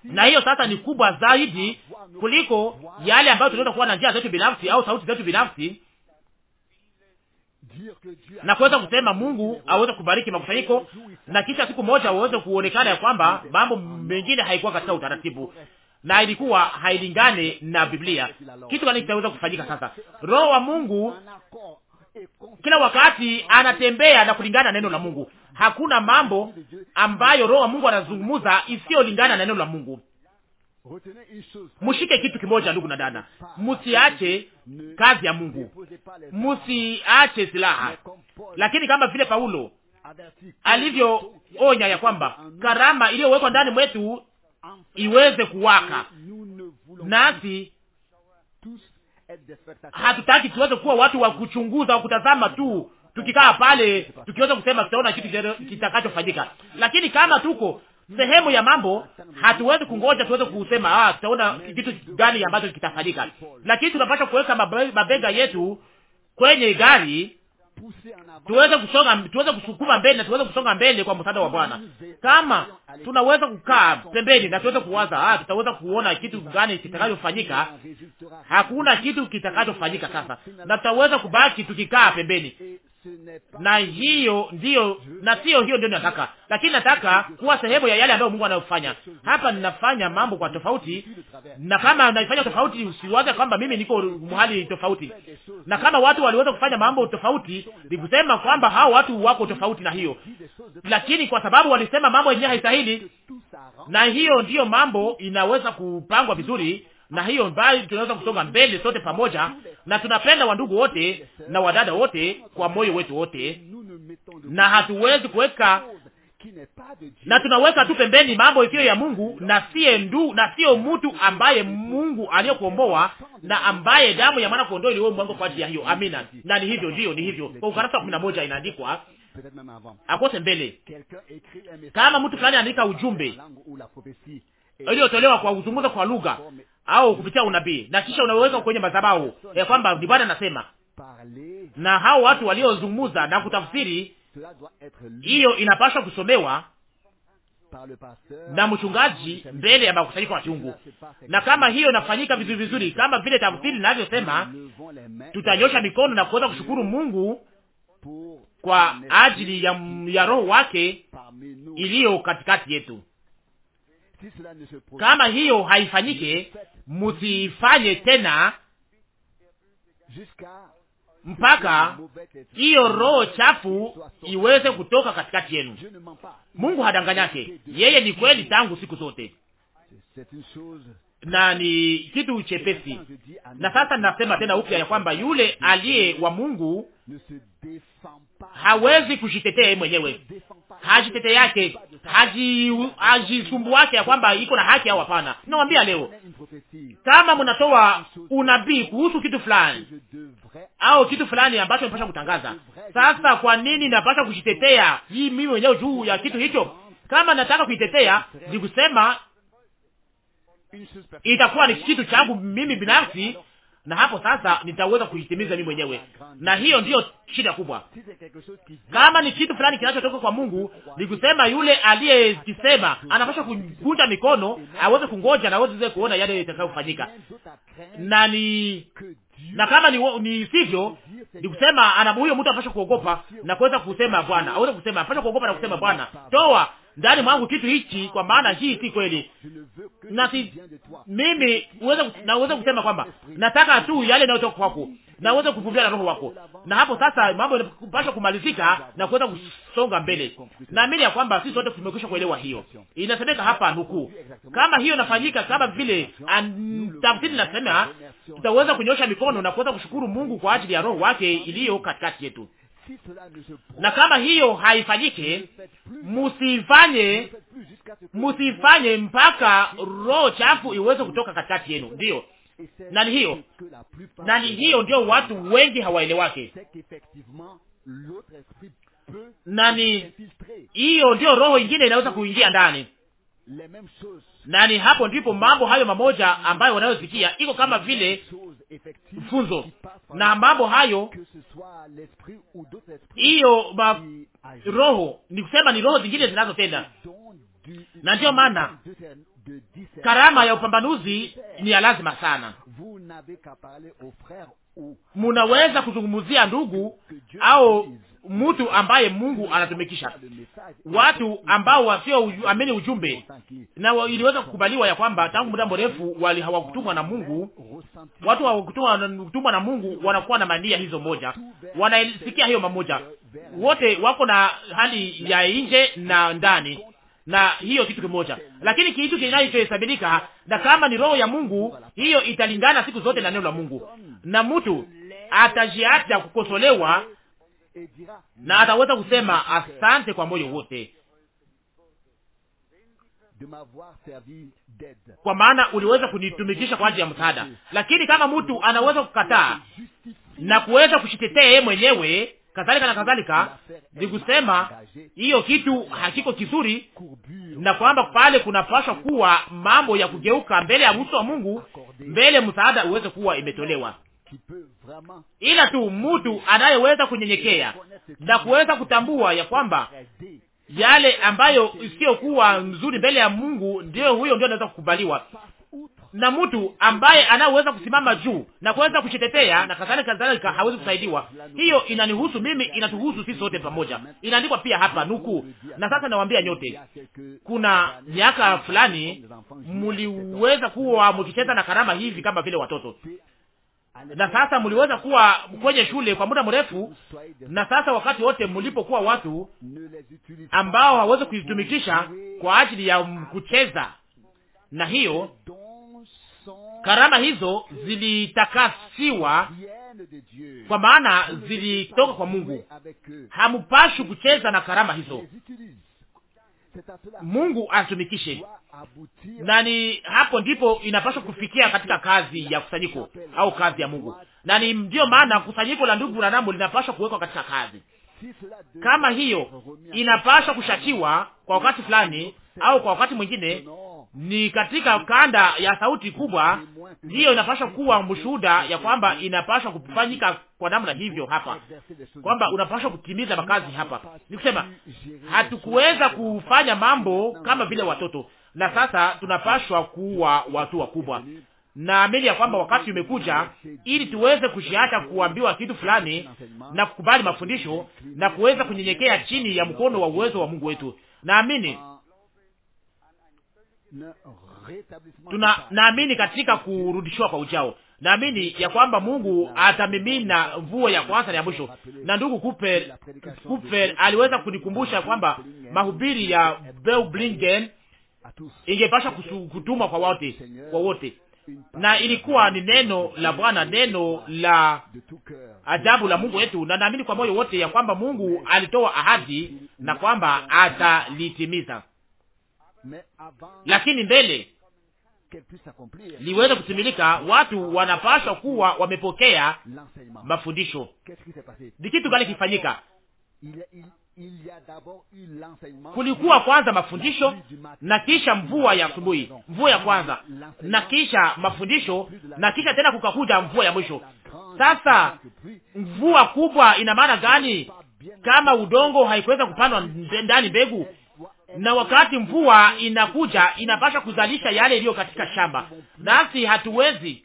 na hiyo sasa ni kubwa zaidi kuliko yale ambayo tunaweza kuwa na njia zetu binafsi au sauti zetu binafsi na kuweza kusema Mungu aweze kubariki makusanyiko, na kisha siku moja aweze kuonekana ya kwamba mambo mengine haikuwa katika utaratibu na ilikuwa hailingane na Biblia. Kitu gani kitaweza kufanyika sasa? Roho wa Mungu kila wakati anatembea na kulingana na neno la Mungu. Hakuna mambo ambayo roho wa Mungu anazungumza isiyolingana na neno la Mungu. mushike kitu kimoja, ndugu na dada, msiache kazi ya Mungu, musiache silaha. Lakini kama vile Paulo alivyoonya ya kwamba karama iliyowekwa ndani mwetu iweze kuwaka, nasi hatutaki tuweze kuwa watu wa kuchunguza, wa kutazama tu tukikaa pale tukiweza kusema tutaona kitu kitakachofanyika, lakini kama tuko sehemu ya mambo hatuwezi kungoja tuweze kusema ah, tutaona kitu gani ambacho kitafanyika, lakini tunapaswa kuweka mabega yetu kwenye gari tuweze kusonga, tuweze kusukuma mbele na tuweze kusonga mbele kwa msaada wa Bwana. Kama tunaweza kukaa pembeni na tuweze kuwaza ah, tutaweza kuona kitu gani kitakachofanyika, hakuna kitu kitakachofanyika sasa, na tutaweza kubaki tukikaa pembeni na hiyo ndiyo, na sio hiyo ndio nataka, lakini nataka kuwa sehemu ya yale ambayo Mungu anayofanya hapa. Ninafanya mambo kwa tofauti, na kama naifanya tofauti, usiwaze kwamba mimi niko mahali tofauti. Na kama watu waliweza kufanya mambo tofauti, nikusema kwamba hao watu wako tofauti na hiyo, lakini kwa sababu walisema mambo yenyewe haistahili, na hiyo ndiyo mambo inaweza kupangwa vizuri na hiyo mbali tunaweza kusonga mbele sote pamoja, na tunapenda wandugu wote na wadada wote kwa moyo wetu wote, na hatuwezi kuweka na tunaweka tu pembeni mambo isiyo ya Mungu na siye ndu na sio mtu ambaye Mungu aliyokuomboa na ambaye damu ya mwana kondoo iliyo mwanzo kwa ajili ya hiyo. Amina, na ni hivyo ndio ni hivyo. Kwa Ukarasa wa kumi na moja inaandikwa akose mbele, kama mtu fulani anaandika ujumbe iliyotolewa kwa kuzungumza kwa lugha au kupitia unabii, na kisha unaweka kwenye madhabahu ya kwamba ni Bwana anasema, na hao watu waliozungumza na kutafsiri, hiyo inapaswa kusomewa na mchungaji mbele ya makusanyiko ya kiungu, na kama hiyo inafanyika vizuri vizuri, kama vile tafsiri inavyosema, tutanyosha mikono na kuweza kushukuru Mungu kwa ajili ya, ya roho wake iliyo katikati yetu. Kama hiyo haifanyike, musifanye tena mpaka hiyo roho chafu iweze kutoka katikati yenu. Mungu hadanganyake, yeye ni kweli tangu siku zote na ni kitu chepesi. Na sasa ninasema tena upya ya kwamba yule aliye wa Mungu hawezi kujitetea yeye mwenyewe, hajitete yake, hajisumbu wake ya kwamba iko na haki au hapana. Nawambia leo, kama mnatoa unabii kuhusu kitu fulani au kitu fulani ambacho napasha kutangaza, sasa kwa nini napasha kujitetea hii mimi mwenyewe juu ya kitu hicho? Kama nataka kuitetea ni kusema itakuwa ni kitu changu mimi binafsi, na hapo sasa nitaweza kuitimiza mimi mwenyewe, na hiyo ndiyo shida kubwa. Kama ni kitu fulani kinachotoka kwa Mungu, ni kusema yule aliyekisema anapaswa kukunja mikono aweze kungoja na aweze kuona yale yatakayofanyika, na ni na kama ni, ni sivyo ni kusema ana huyo mtu anapaswa kuogopa na kuweza kusema Bwana, aweze kusema anapaswa kuogopa na kusema Bwana, toa ndani mwangu kitu hichi, kwa maana hii si kweli. Na si mimi uweze na uweze kusema kwamba nataka tu yale yanayotoka kwako, na uweze kupumzika na roho wako, na hapo sasa mambo yanapaswa kumalizika na kuweza kusonga mbele. Naamini ya kwamba sisi wote tumekwisha kuelewa hiyo. Inasemeka hapa nukuu, kama hiyo inafanyika kama vile tafsiri inasema, tutaweza kunyosha mikono na kuweza kushukuru Mungu kwa ajili ya roho wake iliyo katikati yetu na kama hiyo haifanyike, musifanye musifanye mpaka roho chafu iweze kutoka katikati yenu. Ndiyo, nani hiyo nani hiyo ndio watu wengi hawaelewake, nani hiyo ndio roho ingine inaweza kuingia ndani nani hapo ndipo mambo hayo mamoja ambayo wanayosikia iko kama vile mfunzo na mambo hayo hiyo ma roho ni kusema ni roho zingine zinazotenda, na ndio maana Karama ya upambanuzi ni ya lazima sana. Munaweza kuzungumzia ndugu au mtu ambaye Mungu anatumikisha, watu ambao wasioamini ujumbe, na iliweza kukubaliwa ya kwamba tangu muda mrefu wali hawakutumwa na Mungu. Watu hawakutumwa na Mungu wanakuwa na mania hizo moja, wanasikia hiyo mamoja, wote wako na hali ya nje na ndani na hiyo kitu kimoja, lakini kitu kinachohesabika na kama ni roho ya Mungu, hiyo italingana siku zote na neno la Mungu, na mtu atajiacha kukosolewa na ataweza kusema asante kwa moyo wote, kwa maana uliweza kunitumikisha kwa ajili ya msaada. Lakini kama mtu anaweza kukataa na kuweza kushitetea yeye mwenyewe kadhalika na kadhalika, ni kusema hiyo kitu hakiko kizuri, na kwamba pale kunapaswa kuwa mambo ya kugeuka mbele ya uso wa Mungu, mbele msaada uweze kuwa imetolewa ila tu mtu anayeweza kunyenyekea na kuweza kutambua ya kwamba yale ambayo isiyokuwa mzuri mbele ya Mungu, ndiyo huyo ndio anaweza kukubaliwa, na mtu ambaye anaweza kusimama juu na kuweza kujitetea na kadhalika kadhalika, hawezi kusaidiwa. Hiyo inanihusu mimi, inatuhusu sisi sote pamoja. Inaandikwa pia hapa nuku. Na sasa nawaambia nyote, kuna miaka fulani mliweza kuwa mkicheza na karama hivi kama vile watoto na sasa mliweza kuwa kwenye shule kwa muda mrefu, na sasa wakati wote mlipokuwa watu ambao hawezi kuitumikisha kwa ajili ya kucheza, na hiyo Karama hizo zilitakasiwa kwa maana zilitoka kwa Mungu. Hamupashi kucheza na karama hizo, Mungu atumikishe nani. Hapo ndipo inapaswa kufikia katika kazi ya kusanyiko au kazi ya Mungu nani. Ndiyo maana kusanyiko la ndugu Branamu linapaswa kuwekwa katika kazi kama hiyo, inapaswa kushakiwa kwa wakati fulani au kwa wakati mwingine ni katika kanda ya sauti kubwa, ndiyo inapasha kuwa mshuhuda ya kwamba inapashwa kufanyika kwa namna hivyo hapa, kwamba unapashwa kutimiza makazi hapa. Nikusema hatukuweza kufanya mambo kama vile watoto, na sasa tunapashwa kuwa watu wakubwa. Naamini ya kwamba wakati umekuja ili tuweze kushiacha kuambiwa kitu fulani na kukubali mafundisho na kuweza kunyenyekea chini ya mkono wa uwezo wa Mungu wetu. Naamini Tuna naamini katika kurudishiwa kwa ujao, naamini ya kwamba Mungu atamimina mvua ya kwanza na ya mwisho. Na ndugu Cooper, Cooper aliweza kunikumbusha kwamba mahubiri ya beblingen ingepasha kutumwa kwa wote, kwa wote na ilikuwa ni neno la Bwana, neno la ajabu la Mungu wetu, na naamini kwa moyo wote ya kwamba Mungu alitoa ahadi na kwamba atalitimiza lakini mbele liweze kutimilika, watu wanapaswa kuwa wamepokea mafundisho. Ni kitu gani kifanyika? Kulikuwa kwanza mafundisho na kisha mvua ya asubuhi, mvua ya kwanza na kisha mafundisho na kisha tena kukakuja mvua ya mwisho. Sasa mvua kubwa ina maana gani kama udongo haikuweza kupandwa ndani mbegu? na wakati mvua inakuja inapasha kuzalisha yale iliyo katika shamba, nasi hatuwezi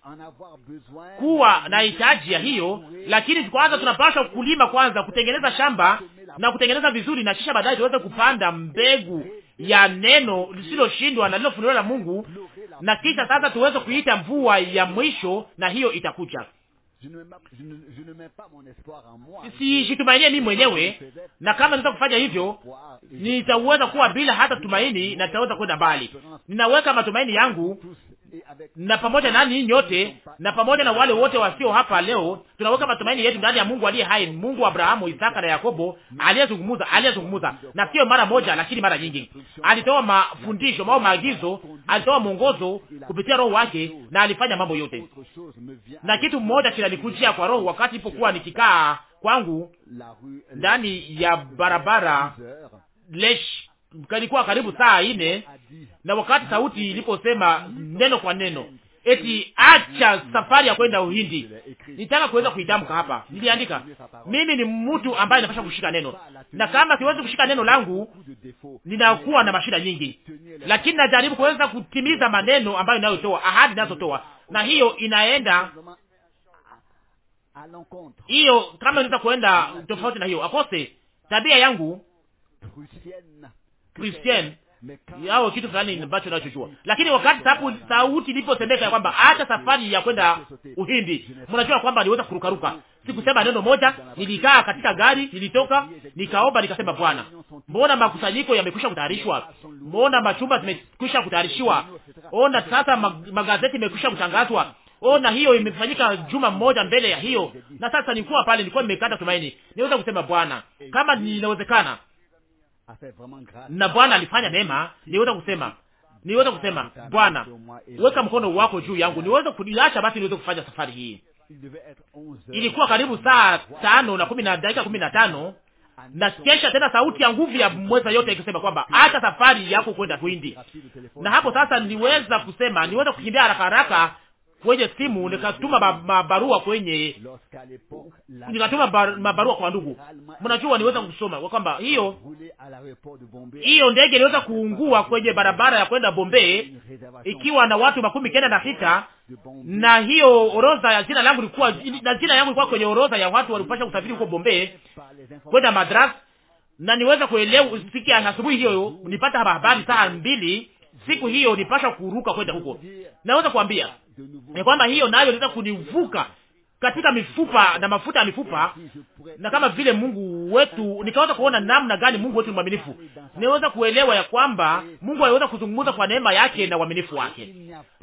kuwa na hitaji ya hiyo, lakini kwanza tunapasha kulima kwanza, kutengeneza shamba na kutengeneza vizuri, na kisha baadaye tuweze kupanda mbegu ya neno lisiloshindwa na lilofunuliwa la Mungu, na kisha sasa tuweze kuita mvua ya mwisho, na hiyo itakuja sijitumainie mimi mwenyewe, na kama niweza kufanya hivyo, nitaweza kuwa bila hata tumaini na nitaweza kwenda mbali. Ninaweka matumaini yangu Eh, na pamoja nani nyote na pamoja na wale wote wasio hapa leo, tunaweka matumaini yetu ndani ya Mungu aliye hai, Mungu wa Abrahamu, Isaka na Yakobo, aliyezungumza aliyezungumza, na sio mara moja, lakini mara nyingi. Alitoa mafundisho au maagizo, alitoa mwongozo kupitia Roho wake, na alifanya mambo yote. Na kitu mmoja kinanikujia kwa roho wakati ipokuwa nikikaa kwangu ndani ya barabara lesh kalikuwa karibu saa ine, na wakati sauti iliposema neno kwa neno eti acha safari ya kwenda Uhindi. Nitaka kuweza kuitamka hapa, niliandika mimi ni mtu ambaye napasha kushika neno, na kama siwezi kushika neno langu ninakuwa na mashida nyingi, lakini najaribu kuweza kutimiza maneno ambayo inayotoa ahadi inazotoa, na hiyo inaenda hiyo, kama inaweza kuenda tofauti na hiyo akose tabia yangu Christian yao kitu fulani ambacho nachojua, lakini wakati sapu sauti ilipotendeka ya kwamba acha safari ya kwenda Uhindi, mnajua kwamba aliweza kurukaruka. Sikusema neno moja, nilikaa katika gari, nilitoka nikaomba, nikasema Bwana, mbona makusanyiko yamekwisha kutayarishwa, mbona machumba zimekwisha kutayarishiwa, ona sasa magazeti yamekwisha kutangazwa Ona hiyo imefanyika juma moja mbele ya hiyo, na sasa nilikuwa pale, nilikuwa nimekata tumaini. Niweza kusema Bwana, kama inawezekana, na Bwana alifanya mema. Niweza kusema niweza kusema Bwana, weka mkono wako juu yangu, niweza kuliacha basi, niweze kufanya safari hii. Ilikuwa karibu saa tano na kumi na dakika kumi na tano na kesha tena sauti ya nguvu ya mweza yote ikisema kwamba hata safari yako kwenda kuindi Na hapo sasa niweza kusema, niweza kukimbia haraka haraka kwenye simu, nikatuma mabarua ma kwenye, nikatuma mabarua kwa ndugu. Mnajua, niweza kusoma kwa kwamba hiyo hiyo ndege iliweza kuungua kwenye barabara ya kwenda Bombay ikiwa na watu makumi kenda na sita na hiyo orodha ya jina langu ilikuwa na jina yangu ilikuwa kwenye orodha ya watu walipasha kusafiri huko Bombay kwenda Madras, na niweza kuelewa sikia asubuhi hiyo nipata habari saa mbili siku hiyo nipasha kuruka kwenda huko. Naweza kuambia ah, ni kwamba hiyo nayo inaweza kunivuka katika mifupa na mafuta ya mifupa, na kama vile Mungu wetu nikaweza kuona namna gani Mungu wetu ni mwaminifu. Niweza kuelewa ya kwamba Mungu aliweza kuzungumza kwa neema yake na uaminifu wake,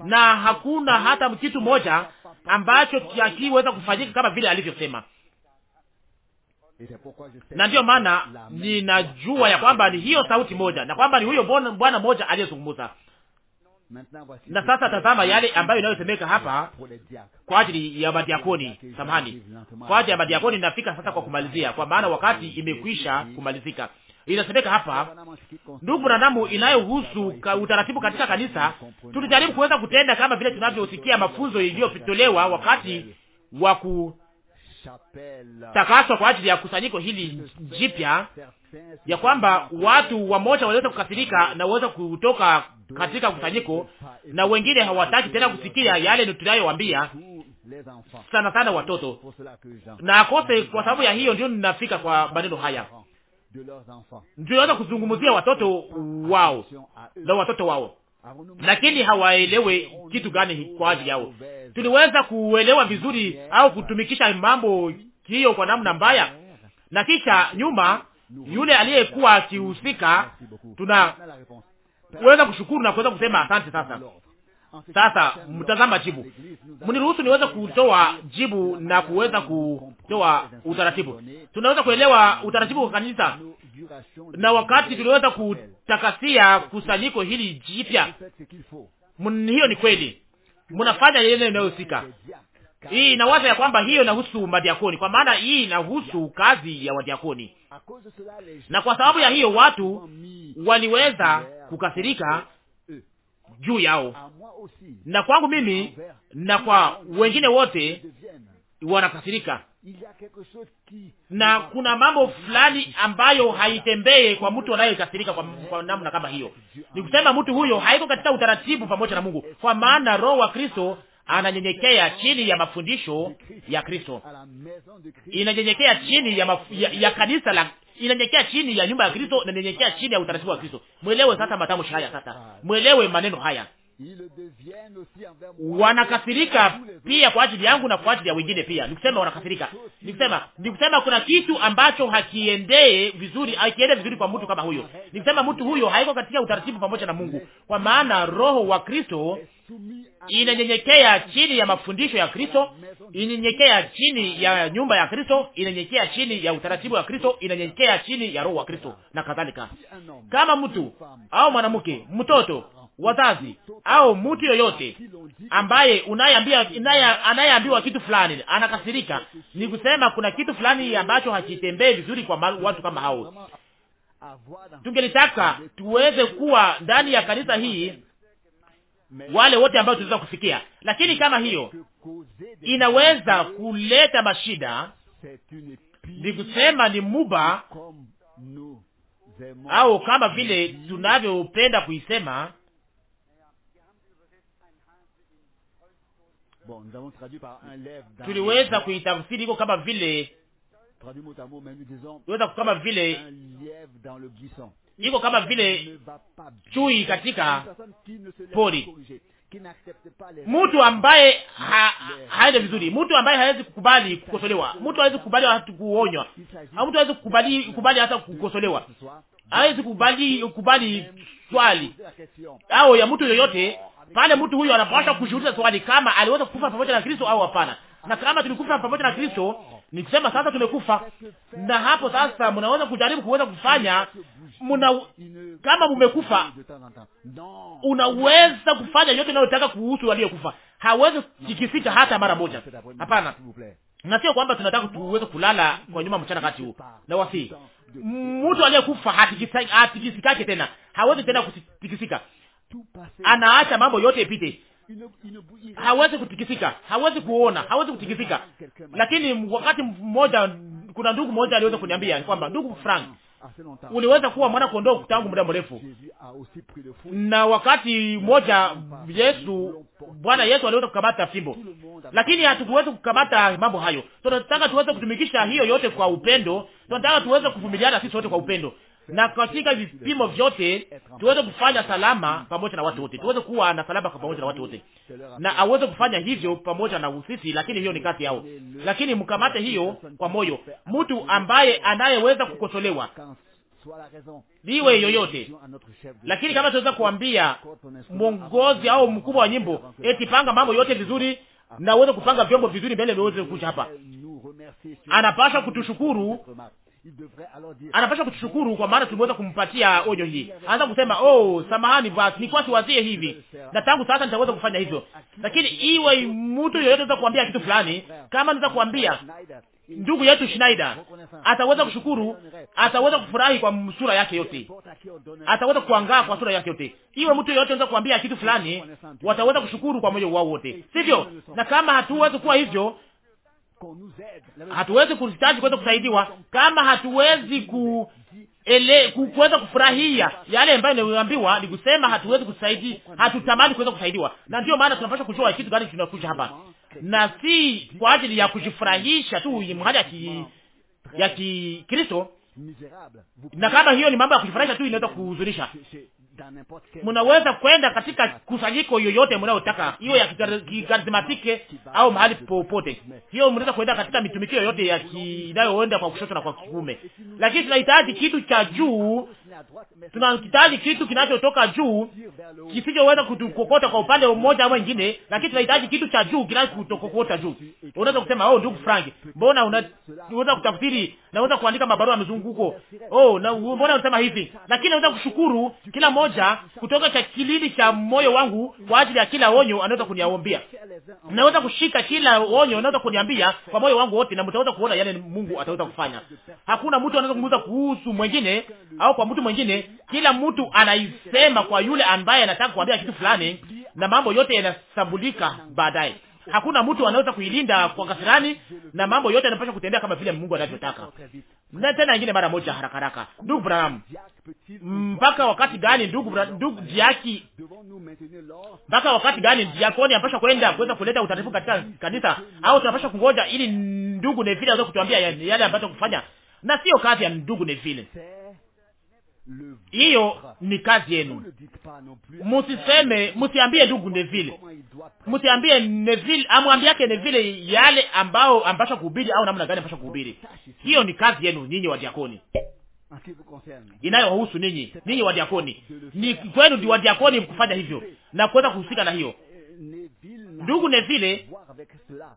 na hakuna hata kitu moja ambacho akiweza kufanyika kama vile alivyosema na ndiyo maana ninajua ya kwamba ni hiyo sauti moja na kwamba ni huyo Bwana moja aliyezungumza. Na sasa tazama yale ambayo inayosemeka hapa kwa ajili ya madiakoni, samahani, kwa ajili ya madiakoni. Nafika sasa kwa kumalizia, kwa maana wakati imekwisha kumalizika. Inasemeka hapa, ndugu na Branamu, inayohusu ka utaratibu katika kanisa. Tulijaribu kuweza kutenda kama vile tunavyosikia mafunzo iliyotolewa wakati wa ku takaswa kwa ajili ya kusanyiko hili jipya, ya kwamba watu wamoja waliweza kukasirika na waweza kutoka katika kusanyiko, na wengine hawataki tena kusikia yale tunayowaambia, sana sana watoto na akose. Kwa sababu ya hiyo, ndio ninafika kwa maneno haya, ndio naweza kuzungumzia watoto wao na watoto wao lakini hawaelewe kitu gani kwa ajili yao. Tuliweza kuelewa vizuri au kutumikisha mambo hiyo kwa namna mbaya, na kisha nyuma yule aliyekuwa akihusika tunaweza kushukuru na kuweza kusema asante. Sasa sasa mtazama jibu, mniruhusu niweze kutoa jibu na kuweza kutoa utaratibu. Tunaweza kuelewa utaratibu wa kanisa, na wakati tuliweza kutakasia kusanyiko hili jipya, hiyo ni kweli, mnafanya yeye inayohusika hii inawaza ya kwamba hiyo inahusu madiakoni, kwa maana hii inahusu kazi ya wadiakoni, na kwa sababu ya hiyo watu waliweza kukasirika juu yao, na kwangu mimi na kwa wengine wote wanakasirika, na kuna mambo fulani ambayo haitembee kwa mtu anayekasirika kwa, kwa namna kama hiyo. Ni kusema mtu huyo haiko katika utaratibu pamoja na Mungu, kwa maana roho wa Kristo ananyenyekea chini ya mafundisho ya Kristo, inanyenyekea chini ya, maf ya, ya kanisa la inanyekea chini ya nyumba ya Kristo na inanyekea chini ya utaratibu wa Kristo. Mwelewe sasa matamshi haya sasa, mwelewe maneno haya wanakasirika pia kwa ajili yangu na kwa ajili ya wengine pia. Nikusema wanakasirika, nikusema nikusema kuna kitu ambacho hakiendee vizuri, hakiende vizuri kwa mtu kama huyo. Nikusema mtu huyo haiko katika utaratibu pamoja na Mungu, kwa maana roho wa Kristo inanyenyekea chini ya mafundisho ya Kristo, inanyenyekea chini ya nyumba ya Kristo, inanyenyekea chini ya utaratibu wa Kristo, inanyenyekea chini ya roho wa Kristo na kadhalika. Kama mtu au mwanamke mtoto wazazi au mtu yoyote ambaye unayeambia anayeambiwa kitu fulani anakasirika, ni kusema kuna kitu fulani ambacho hakitembei vizuri kwa watu kama hao. Tungelitaka tuweze kuwa ndani ya kanisa hii wale wote ambao tunaweza kufikia, lakini kama hiyo inaweza kuleta mashida, ni kusema ni muba au kama vile tunavyopenda kuisema tuliweza kuitafsiri iko kama vile tuliweza kama vile iko kama vile chui katika pori, mtu ambaye haende vizuri, mtu ambaye hawezi kukubali kukosolewa, mtu hawezi kukubali hata kuonywa, mtu hawezi kukubali hata kukosolewa hawezi kubali kubali swali au ya mtu yoyote pale. Mtu huyo anapaswa kushuhudia swali kama aliweza kukufa pamoja na Kristo au hapana, na kama tulikufa pamoja na Kristo ni kusema sasa tumekufa, na hapo sasa mnaweza kujaribu kuweza kufanya muna, kama mumekufa, unaweza kufanya yote unayotaka kuhusu aliyekufa. Hawezi kujificha hata mara moja, hapana. Na sio kwamba tunataka tuweze kulala kwa nyuma mchana kati huu, na wasii mtu aliyekufa hatikisikake tena, hawezi tena kutikisika, anaacha mambo yote ipite hawezi kutikisika, hawezi kuona, hawezi kutikisika. Lakini wakati mmoja, kuna ndugu mmoja aliweza kuniambia kwamba ndugu Frank, uliweza kuwa mwana kondoo tangu muda mrefu. Na wakati mmoja Yesu, Bwana Yesu aliweza kukamata fimbo, lakini hatukuweza kukamata mambo hayo. Tunataka tuweze kutumikisha hiyo yote kwa upendo, tunataka tuweze kuvumiliana sisi wote kwa upendo na katika vipimo vyote tuweze kufanya salama pamoja na watu wote, tuweze kuwa na salama pamoja na watu wote, na aweze kufanya hivyo pamoja na usisi. Lakini hiyo ni kazi yao, lakini mkamate hiyo kwa moyo. Mtu ambaye anayeweza kukosolewa liwe yoyote, lakini kama tunaweza kuambia mwongozi au mkubwa wa nyimbo eti panga mambo yote vizuri na uweze kupanga vyombo vizuri mbele viweze kuja hapa, anapasha kutushukuru anapasha kutushukuru kwa maana tuliweza kumpatia onyo hii. Anaweza kusema oh, samahani basi, nilikuwa siwazie hivi, na tangu sasa nitaweza kufanya hivyo. Lakini iwe mtu yoyote anaweza kuambia kitu fulani, kama anaweza kuambia ndugu yetu Schneider, ataweza kushukuru, ataweza kufurahi kwa sura yake yote, ataweza kuangaa kwa sura yake yote. Iwe mtu yoyote anaweza kuambia kitu fulani, wataweza kushukuru kwa moyo wao wote, sivyo? Na kama hatuwezi kuwa hivyo, hatuwezi kuhitaji kuweza kusaidiwa kama hatuwezi ku ele kuweza kufurahia yale ambayo nimeambiwa, ni kusema hatuwezi kusaidi, hatutamani kuweza kusaidiwa, na ndio maana tunapaswa kujua kitu gani kinakuja hapa, na si kwa ajili ya kujifurahisha tu mhali ya ki ya Kikristo, na kama hiyo ni mambo ya kujifurahisha tu inaweza kuhuzunisha munaweza kwenda katika kusanyiko yoyote mnayotaka, hiyo ya kikarismatike au mahali popote. Hiyo mnaweza kwenda katika mitumikio yoyote ya inayoenda kwa kushoto na kwa kiume, lakini tunahitaji kitu cha juu, tunahitaji kitu kinachotoka juu kisichoweza kutukokota kwa upande mmoja au mwingine, lakini tunahitaji kitu cha juu kinachokokota juu. Unaweza kusema oh, ndugu Frank, mbona unaweza kutafsiri naweza kuandika mabarua ya mzunguko. Oh, na mbona unasema hivi? Lakini naweza kushukuru kila moja kutoka cha kilindi cha moyo wangu kwa ajili ya kila onyo anaweza kuniaombia. Naweza kushika kila onyo anaweza kuniambia kwa moyo wangu wote, na mtaweza kuona yale Mungu ataweza kufanya. Hakuna mtu anaweza kumuuza kuhusu mwingine au kwa mtu mwingine. Kila mtu anaisema kwa yule ambaye anataka kuambia kitu fulani, na mambo yote yanasambulika baadaye. Hakuna mtu anaweza kuilinda kwa kasirani, na mambo yote yanapaswa kutendea kama vile Mungu anavyotaka. Na tena nyingine mara moja haraka haraka, ndugu Branham, mpaka wakati gani ndugu ndugu Diaki, mpaka wakati gani diakoni anapaswa kwenda kuweza kuleta utaratibu katika kanisa, au tunapaswa kungoja ili ndugu Neville aweze kutuambia yale ambayo kufanya, na sio kazi ya ndugu Neville hiyo ni kazi yenu. Musiseme, musiambie ndugu Neville, musiambie Neville, amwambiake yake Neville yale ambao ambasha kuhubiri au namna gani ambasha kuhubiri. Hiyo ni kazi yenu ninyi wa diakoni, inayohusu ninyi ninyi wadiakoni ni kwenu, ndi wadiakoni kufanya hivyo na kuweza kuhusika na hiyo ndugu Neville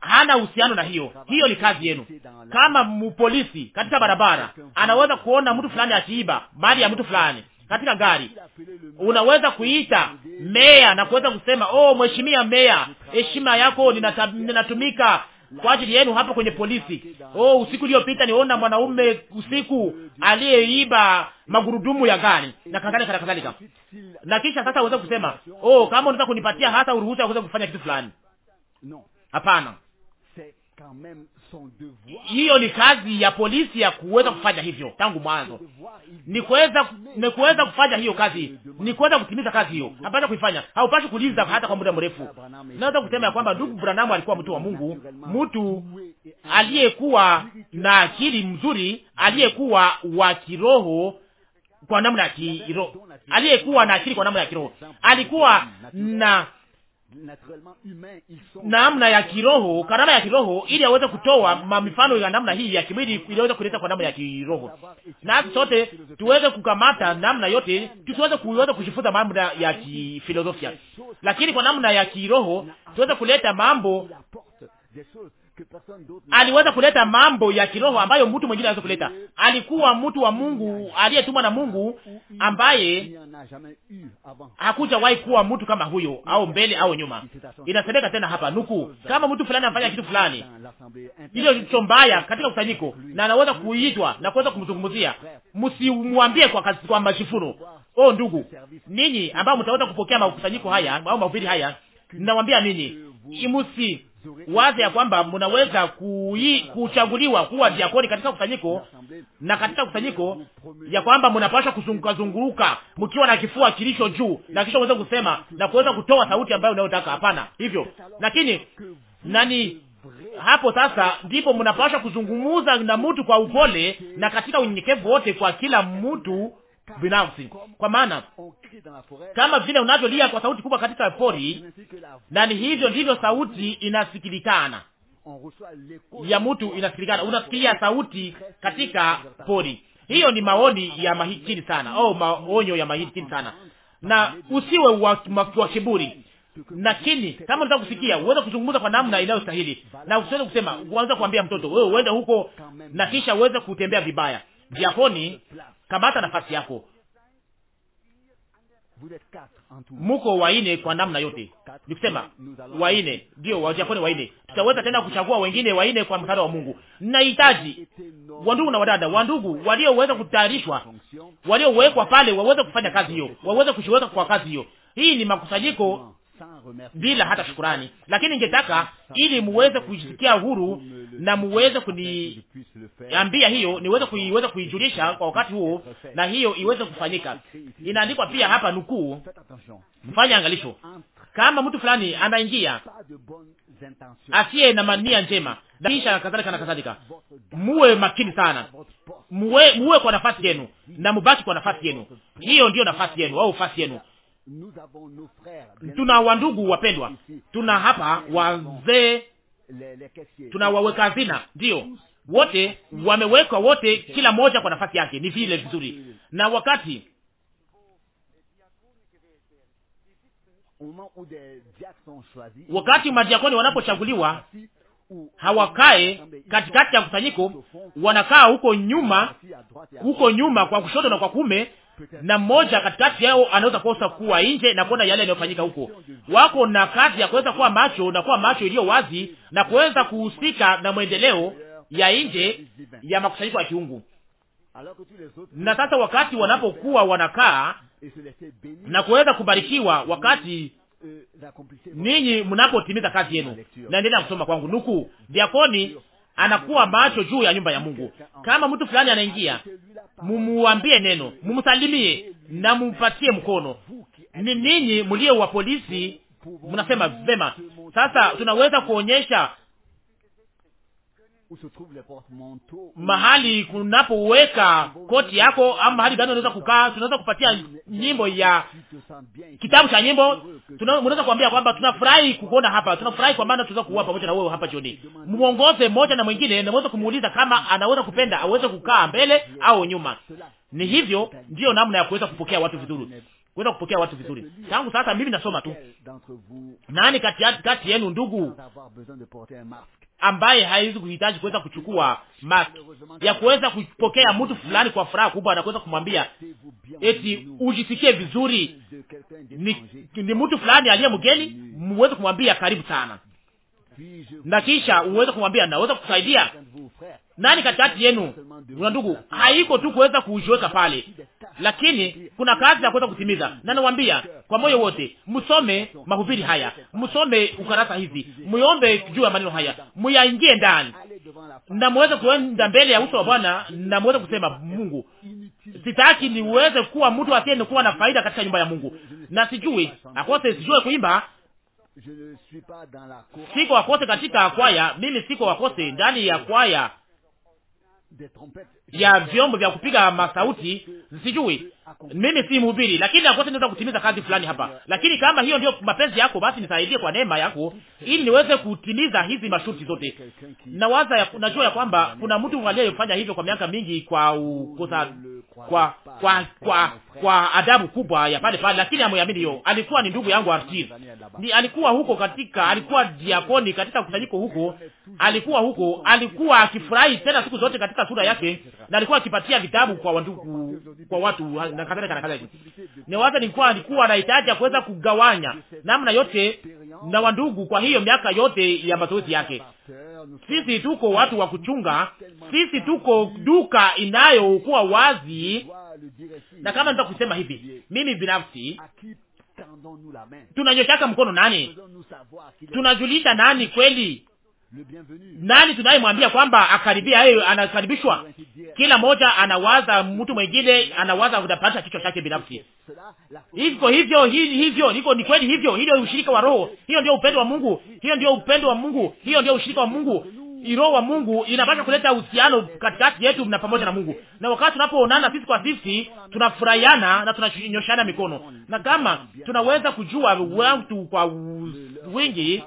hana uhusiano na hiyo. Hiyo ni kazi yenu. Kama mpolisi katika barabara anaweza kuona mtu fulani akiiba mali ya mtu fulani katika gari, unaweza kuita meya na kuweza kusema oh, mheshimiwa meya, heshima yako ninatumika kwa ajili yenu hapa kwenye polisi. Oh, usiku uliopita niona mwanaume usiku aliyeiba magurudumu ya gari na kadhalika na kadhalika, na kisha sasa uweze kusema oh, kama unaweza kunipatia hata uruhusa ya kuweza kufanya kitu fulani. Hapana. Hiyo ni kazi ya polisi ya kuweza kufanya hivyo tangu mwanzo, ni kuweza ni kuweza kufanya hiyo kazi, ni kuweza kutimiza kazi hiyo. Hapana kuifanya, haupaswi kuuliza hata kwa muda mrefu. Naweza kusema ya kwamba ndugu Branham alikuwa mtu wa Mungu, mtu aliyekuwa na akili mzuri, aliyekuwa wa kiroho kwa namna ya kiroho, aliyekuwa na akili kwa namna ya kiroho, alikuwa na namna ya kiroho, karama ya kiroho, ili aweze kutoa mifano ya namna hii ya kimwili, ili aweze kuleta kwa namna ya kiroho, na sote tuweze kukamata namna yote, tusiweze kuweza kujifunza mambo ya kifilosofia, lakini kwa namna ya kiroho tuweze kuleta mambo aliweza kuleta mambo ya kiroho ambayo mtu mwingine hawezi kuleta. Alikuwa mtu wa Mungu aliyetumwa na Mungu, ambaye hakujawahi kuwa mtu kama huyo, au mbele au nyuma. Inasemeka tena hapa nuku, kama mtu fulani anafanya kitu fulani kilicho mbaya katika kusanyiko, na anaweza kuitwa na kuweza kumzungumzia, msimwambie kwa kazi, kwa majifuno. Oh ndugu, ninyi ambao mtaweza kupokea makusanyiko haya au mahubiri haya, ninawambia ninyi imusi waza ya kwamba mnaweza kuchaguliwa kuwa diakoni katika kusanyiko na katika kusanyiko, ya kwamba mnapaswa kuzunguka zunguruka mkiwa na kifua kilicho juu, na kisha uweze kusema na kuweza kutoa sauti ambayo unayotaka. Hapana hivyo, lakini nani hapo sasa ndipo mnapasha kuzungumuza na mtu kwa upole na katika unyenyekevu wote, kwa kila mtu binafsi, kwa maana kama vile unavyolia kwa sauti kubwa katika pori, na ni hivyo ndivyo sauti inasikilikana ya mtu inasikilikana, unasikia sauti katika pori. Hiyo ni maoni ya mahitini sana, au oh, maonyo ya mahitini sana, na usiwe wa, wa kiburi lakini kama unataka kusikia, uweze kuzungumza kwa namna inayostahili, na usiweze kusema, uanze kuambia mtoto wewe uende huko na kisha uweze kutembea vibaya. Diakoni, kamata nafasi yako, muko waine kwa namna yote, nikusema waine ndio wajakoni waine. Tutaweza tena kuchagua wengine waine kwa msaada wa Mungu. Nahitaji wandugu na wadada, wandugu walioweza kutayarishwa, waliowekwa pale, waweze kufanya kazi hiyo, waweze kushiweka kwa kazi hiyo. Hii ni makusanyiko bila hata shukurani, lakini ningetaka ili muweze kuisikia huru na muweze kuniambia hiyo, niweze kuiweza kuijulisha kwa wakati huo, na hiyo iweze kufanyika. Inaandikwa pia hapa nukuu, mfanye angalisho, kama mtu fulani anaingia asiye na mania njema, kisha na kadhalika na kadhalika, muwe makini sana, muwe muwe kwa nafasi yenu na mubaki kwa nafasi yenu. Hiyo ndiyo nafasi yenu au nafasi yenu Tuna wandugu wapendwa, tuna hapa wazee, tuna waweka hazina, ndiyo wote wamewekwa, wote kila mmoja kwa nafasi yake. Ni vile vizuri, na wakati wakati madiakoni wanapochaguliwa hawakae katikati ya kusanyiko, wanakaa huko nyuma, huko nyuma kwa kushoto na kwa kume, na mmoja katikati yao anaweza kosa kuwa nje na kuona yale yanayofanyika huko. Wako na kazi ya kuweza kuwa macho na kuwa macho iliyo wazi na kuweza kuhusika na mwendeleo ya nje ya makusanyiko ya kiungu. Na sasa wakati wanapokuwa wanakaa na kuweza kubarikiwa, wakati euh, ninyi mnapotimiza kazi yenu, naendelea kusoma kwangu, nukuu diakoni anakuwa macho juu ya nyumba ya Mungu. Kama mtu fulani anaingia, mumuambie neno, mumsalimie na mumpatie mkono. Ni ninyi mlio wa polisi, mnasema vema. Sasa tunaweza kuonyesha mahali kunapoweka koti yako, ama mahali gani unaweza kukaa. Tunaweza kupatia nyimbo ya kitabu cha nyimbo, unaweza kuambia kwamba tunafurahi kukuona hapa, tunafurahi kwa maana tunaweza kuwa pamoja na wewe hapa jioni. Mwongoze mmoja na mwingine, naweza kumuuliza kama anaweza kupenda aweze kukaa mbele au nyuma. Ni hivyo ndiyo namna ya kuweza kupokea watu vizuri kuweza kupokea watu vizuri. Tangu sasa mimi nasoma tu, nani kati kati yenu ndugu ambaye haiwezi kuhitaji kuweza kuchukua maki ya kuweza kupokea mtu fulani kwa furaha kubwa na kuweza kumwambia eti ujisikie vizuri. Ni, ni mtu fulani aliye mgeni, muweze kumwambia karibu sana, na kisha uweze kumwambia naweza kukusaidia, nani katikati yenu una ndugu, haiko tu kuweza kuiweka pale, lakini kuna kazi ya kuweza kutimiza. Na nawambia kwa moyo wote, msome mahubiri haya, msome ukarasa hizi, muombe juu ya maneno haya, muyaingie ndani na muweze kuenda mbele ya uso wa Bwana na muweze kusema Mungu, sitaki niweze kuwa mtu asiye kuwa na faida katika nyumba ya Mungu. Na sijui akose, sijue kuimba siko wakose katika kwaya, mimi siko wakose ndani ya kwaya ya vyombo vya kupiga masauti, sijui mimi si mhubiri, lakini nakote niweza kutimiza kazi fulani hapa. Lakini kama hiyo ndio mapenzi yako, basi nisaidie kwa neema yako, ili niweze kutimiza hizi masharti zote. Nawaza ya, najua ya kwamba kuna mtu aliyefanya hivyo kwa miaka mingi kwa ukosa kwa kwa kwa kwa adabu kubwa ya pale pale, lakini amuamini hiyo. Alikuwa ni ndugu yangu Artir, ni alikuwa huko katika, alikuwa diakoni katika kusanyiko huko, alikuwa huko, alikuwa akifurahi tena siku zote katika sura yake, na alikuwa akipatia vitabu kwa wandugu, kwa watu na kadhalika na kadhalika. Ni waza nilikuwa alikuwa anahitaji kuweza kugawanya namna yote na wandugu, kwa hiyo miaka yote ya mazoezi yake sisi tuko watu wa kuchunga, sisi tuko duka inayokuwa wazi. Na kama nita kusema hivi, mimi binafsi tunanyoshaka mkono nani? Tunajulisha nani kweli nani tunayemwambia kwamba akaribia yeye anakaribishwa? Kila mmoja anawaza mtu mwingine, anawaza kutapata kichwa chake binafsi. Hivyo hivyo hivyo, niko ni kweli hivyo. Hiyo ushirika wa Roho, hiyo ndio upendo wa Mungu, hiyo ndio upendo wa Mungu, hiyo ndio ushirika wa Mungu. Roho wa Mungu inapaswa kuleta uhusiano katikati yetu na pamoja na Mungu, na wakati tunapoonana sisi kwa sisi tunafurahiana na tunanyoshana mikono, na kama tunaweza kujua watu kwa wingi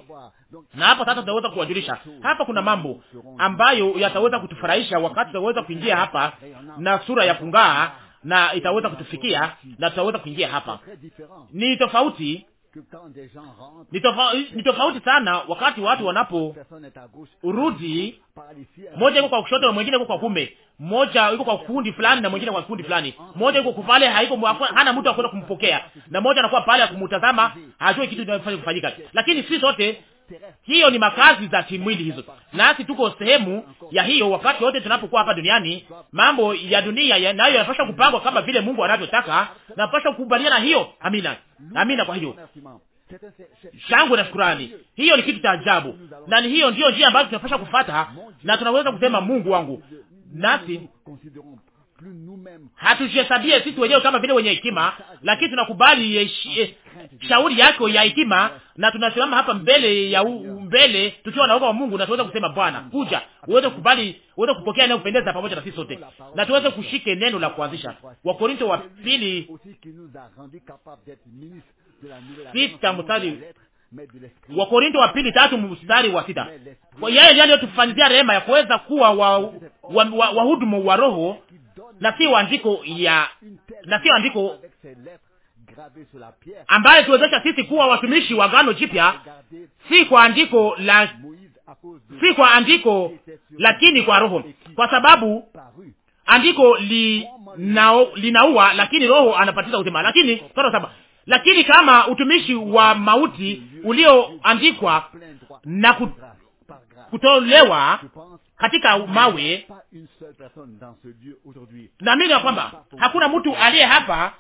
na hapa sasa tutaweza kuwajulisha hapa, kuna mambo ambayo yataweza kutufurahisha wakati tutaweza kuingia hapa na sura ya kung'aa, na itaweza kutufikia na tutaweza kuingia hapa. Ni tofauti ni tofauti sana wakati watu wanapo urudi moja iko kwa kushoto na mwingine iko kwa kume, moja iko kwa kundi fulani na mwingine kwa kundi fulani, moja iko kupale, haiko hana mtu akwenda kumpokea, na moja anakuwa pale akumtazama, hajui kitu kinachofanyika kufanyika. Lakini sisi sote hiyo ni makazi za kimwili hizo, nasi tuko sehemu ya hiyo. Wakati wote tunapokuwa hapa duniani, mambo ya dunia nayo yanapaswa kupangwa kama vile Mungu anavyotaka, na napaswa kukubaliana hiyo. Amina, amina. Kwa hiyo shangwe na shukurani. Hiyo ni kitu cha ajabu, na ni hiyo ndiyo njia ambayo tunapasha kufata, na tunaweza kusema Mungu wangu, nasi hatujihesabie sisi wenyewe kama vile wenye hekima, lakini tunakubali shauri yako ya hekima, na tunasimama hapa mbele ya u, mbele tukiwa na woga wa Mungu, na tuweze kusema Bwana, kuja uweze kukubali, uweze kupokea neno kupendeza pamoja na sisi sote, na tuweze kushike neno la kuanzisha. Wakorintho wa pili sita mstari wa Korinto wa pili tatu mstari wa sita. Yeye ndiye aliyotufanyia rehema ya kuweza kuwa wahudumu wa, wa, wa roho na si andiko ya na si andiko ambaye tuwezesha sisi kuwa watumishi wa gano jipya, si kwa andiko la si kwa andiko lakini kwa roho, kwa sababu andiko linaua li lakini roho anapatiza uzima. Lakini saba lakini kama utumishi wa mauti ulioandikwa na kutolewa katika mawe, naamini ya kwamba hakuna mtu aliye hapa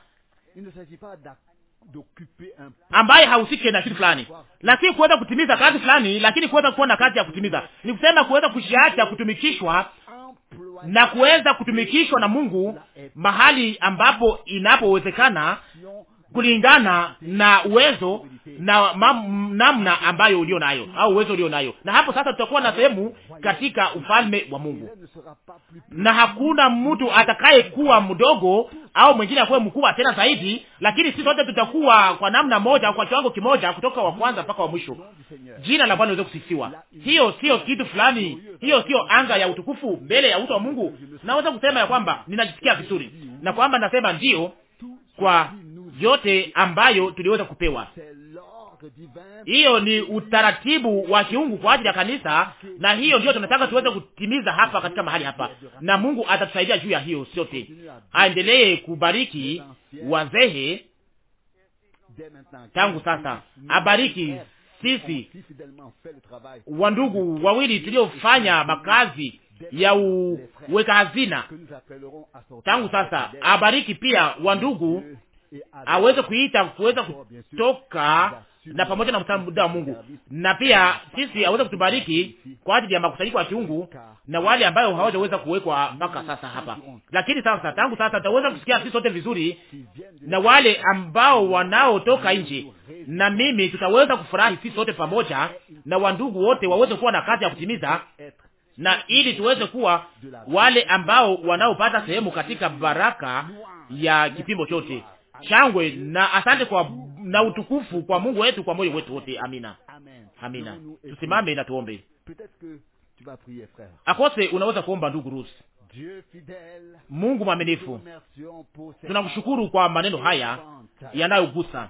ambaye hahusike na kitu fulani, lakini kuweza kutimiza kazi fulani, lakini kuweza kuwa na kazi ya kutimiza, ni kusema kuweza kushiacha kutumikishwa na kuweza kutumikishwa na Mungu mahali ambapo inapowezekana kulingana na uwezo na namna ambayo ulio nayo au uwezo ulio nayo, na hapo sasa tutakuwa na sehemu katika ufalme wa Mungu, na hakuna mtu atakayekuwa mdogo au mwingine akuwe mkubwa tena zaidi, lakini sisi sote tutakuwa kwa namna moja au kwa kiwango kimoja, kutoka wa kwanza mpaka wa mwisho. Jina la Bwana liweze kusifiwa. Hiyo sio kitu fulani, hiyo sio anga ya utukufu mbele ya uto wa Mungu. Naweza kusema ya kwamba ninajisikia vizuri na kwamba nasema ndio kwa yote ambayo tuliweza kupewa. Hiyo ni utaratibu wa kiungu kwa ajili ya kanisa, na hiyo ndio tunataka tuweze kutimiza hapa katika mahali hapa, na Mungu atatusaidia juu ya hiyo sote. Aendelee kubariki wazee tangu sasa, abariki sisi wandugu wawili tuliofanya makazi ya uweka hazina tangu sasa. Abariki pia wandugu aweze kuita kuweza kutoka na pamoja na msaada wa Mungu, na pia sisi aweze kutubariki kwa ajili ya makusanyiko ya kiungu na wale ambao hawajaweza kuwekwa mpaka sasa hapa. Lakini sasa, tangu sasa tutaweza kusikia sisi sote vizuri, na wale ambao wanaotoka nje na mimi, tutaweza kufurahi sisi sote pamoja, na wandugu wote waweze kuwa na kazi ya kutimiza na ili tuweze kuwa wale ambao wanaopata sehemu katika baraka ya kipimo chote, shangwe na asante kwa na utukufu kwa Mungu wetu kwa moyo wetu wote. Amina, amina. Tusimame na tuombe. Akose, unaweza kuomba ndugu Rusi. Mungu mwaminifu, tunakushukuru kwa maneno haya yanayogusa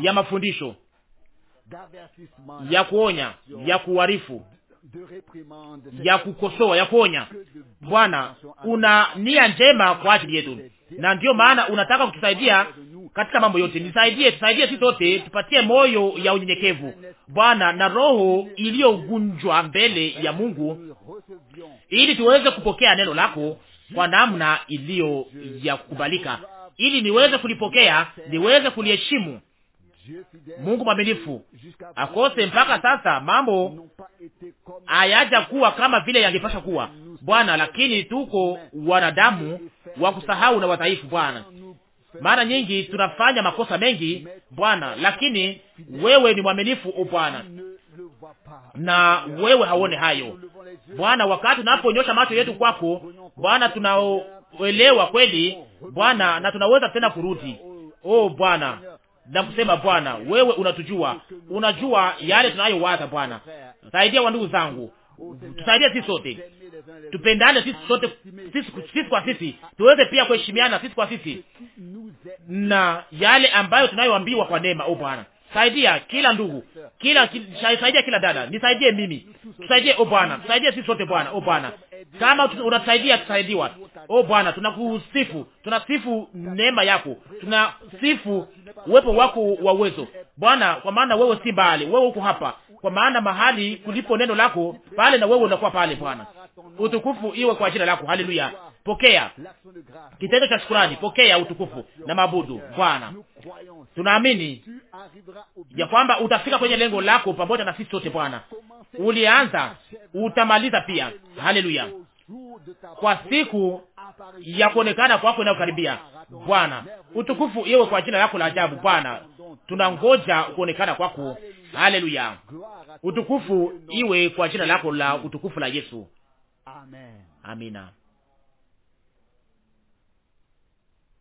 ya mafundisho ya kuonya ya kuharifu ya kukosoa, ya kuonya. Bwana, una nia njema kwa ajili yetu, na ndiyo maana unataka kutusaidia katika mambo yote. Nisaidie, tusaidie sisi sote, tupatie moyo ya unyenyekevu Bwana, na roho iliyogunjwa mbele ya Mungu, ili tuweze kupokea neno lako kwa namna iliyo ya kukubalika, ili niweze kulipokea, niweze kuliheshimu Mungu mwaminifu akose mpaka sasa mambo hayaja kuwa kama vile yangepasha kuwa, Bwana, lakini tuko wanadamu wa kusahau na wadhaifu, Bwana. Mara nyingi tunafanya makosa mengi, Bwana, lakini wewe ni mwaminifu, o Bwana, na wewe haone hayo Bwana. Wakati tunaponyosha macho yetu kwako Bwana, tunaoelewa kweli Bwana, na tunaweza tena kurudi, o Bwana na kusema, Bwana, wewe unatujua, unajua yale tunayowaza. Bwana, saidia wandugu zangu, tusaidie sisi sote, tupendane sisi sote, sisi, sisi kwa sisi, tuweze pia kuheshimiana sisi kwa sisi na yale ambayo tunayoambiwa kwa neema. O oh Bwana, saidia kila ndugu, kila saidia kila dada, nisaidie mimi, tusaidie o oh Bwana, tusaidie sisi sote Bwana, o oh Bwana kama unatusaidia tusaidiwa O Bwana, tunakusifu, tunasifu neema yako, tunasifu uwepo wako wa uwezo Bwana, kwa maana wewe si mbali, wewe uko hapa, kwa maana mahali kulipo neno lako pale na wewe unakuwa pale. Bwana, utukufu iwe kwa jina lako. Haleluya, Pokea kitendo cha shukurani, pokea utukufu na mabudu. Bwana, tunaamini ya kwamba utafika kwenye lengo lako pamoja na sisi sote. Bwana, ulianza utamaliza pia. Haleluya! Kwa siku ya kuonekana kwako inayokaribia, Bwana, utukufu iwe kwa jina lako la ajabu. Bwana, tunangoja kuonekana kwako. Haleluya! utukufu iwe kwa jina lako la utukufu la Yesu. Amina.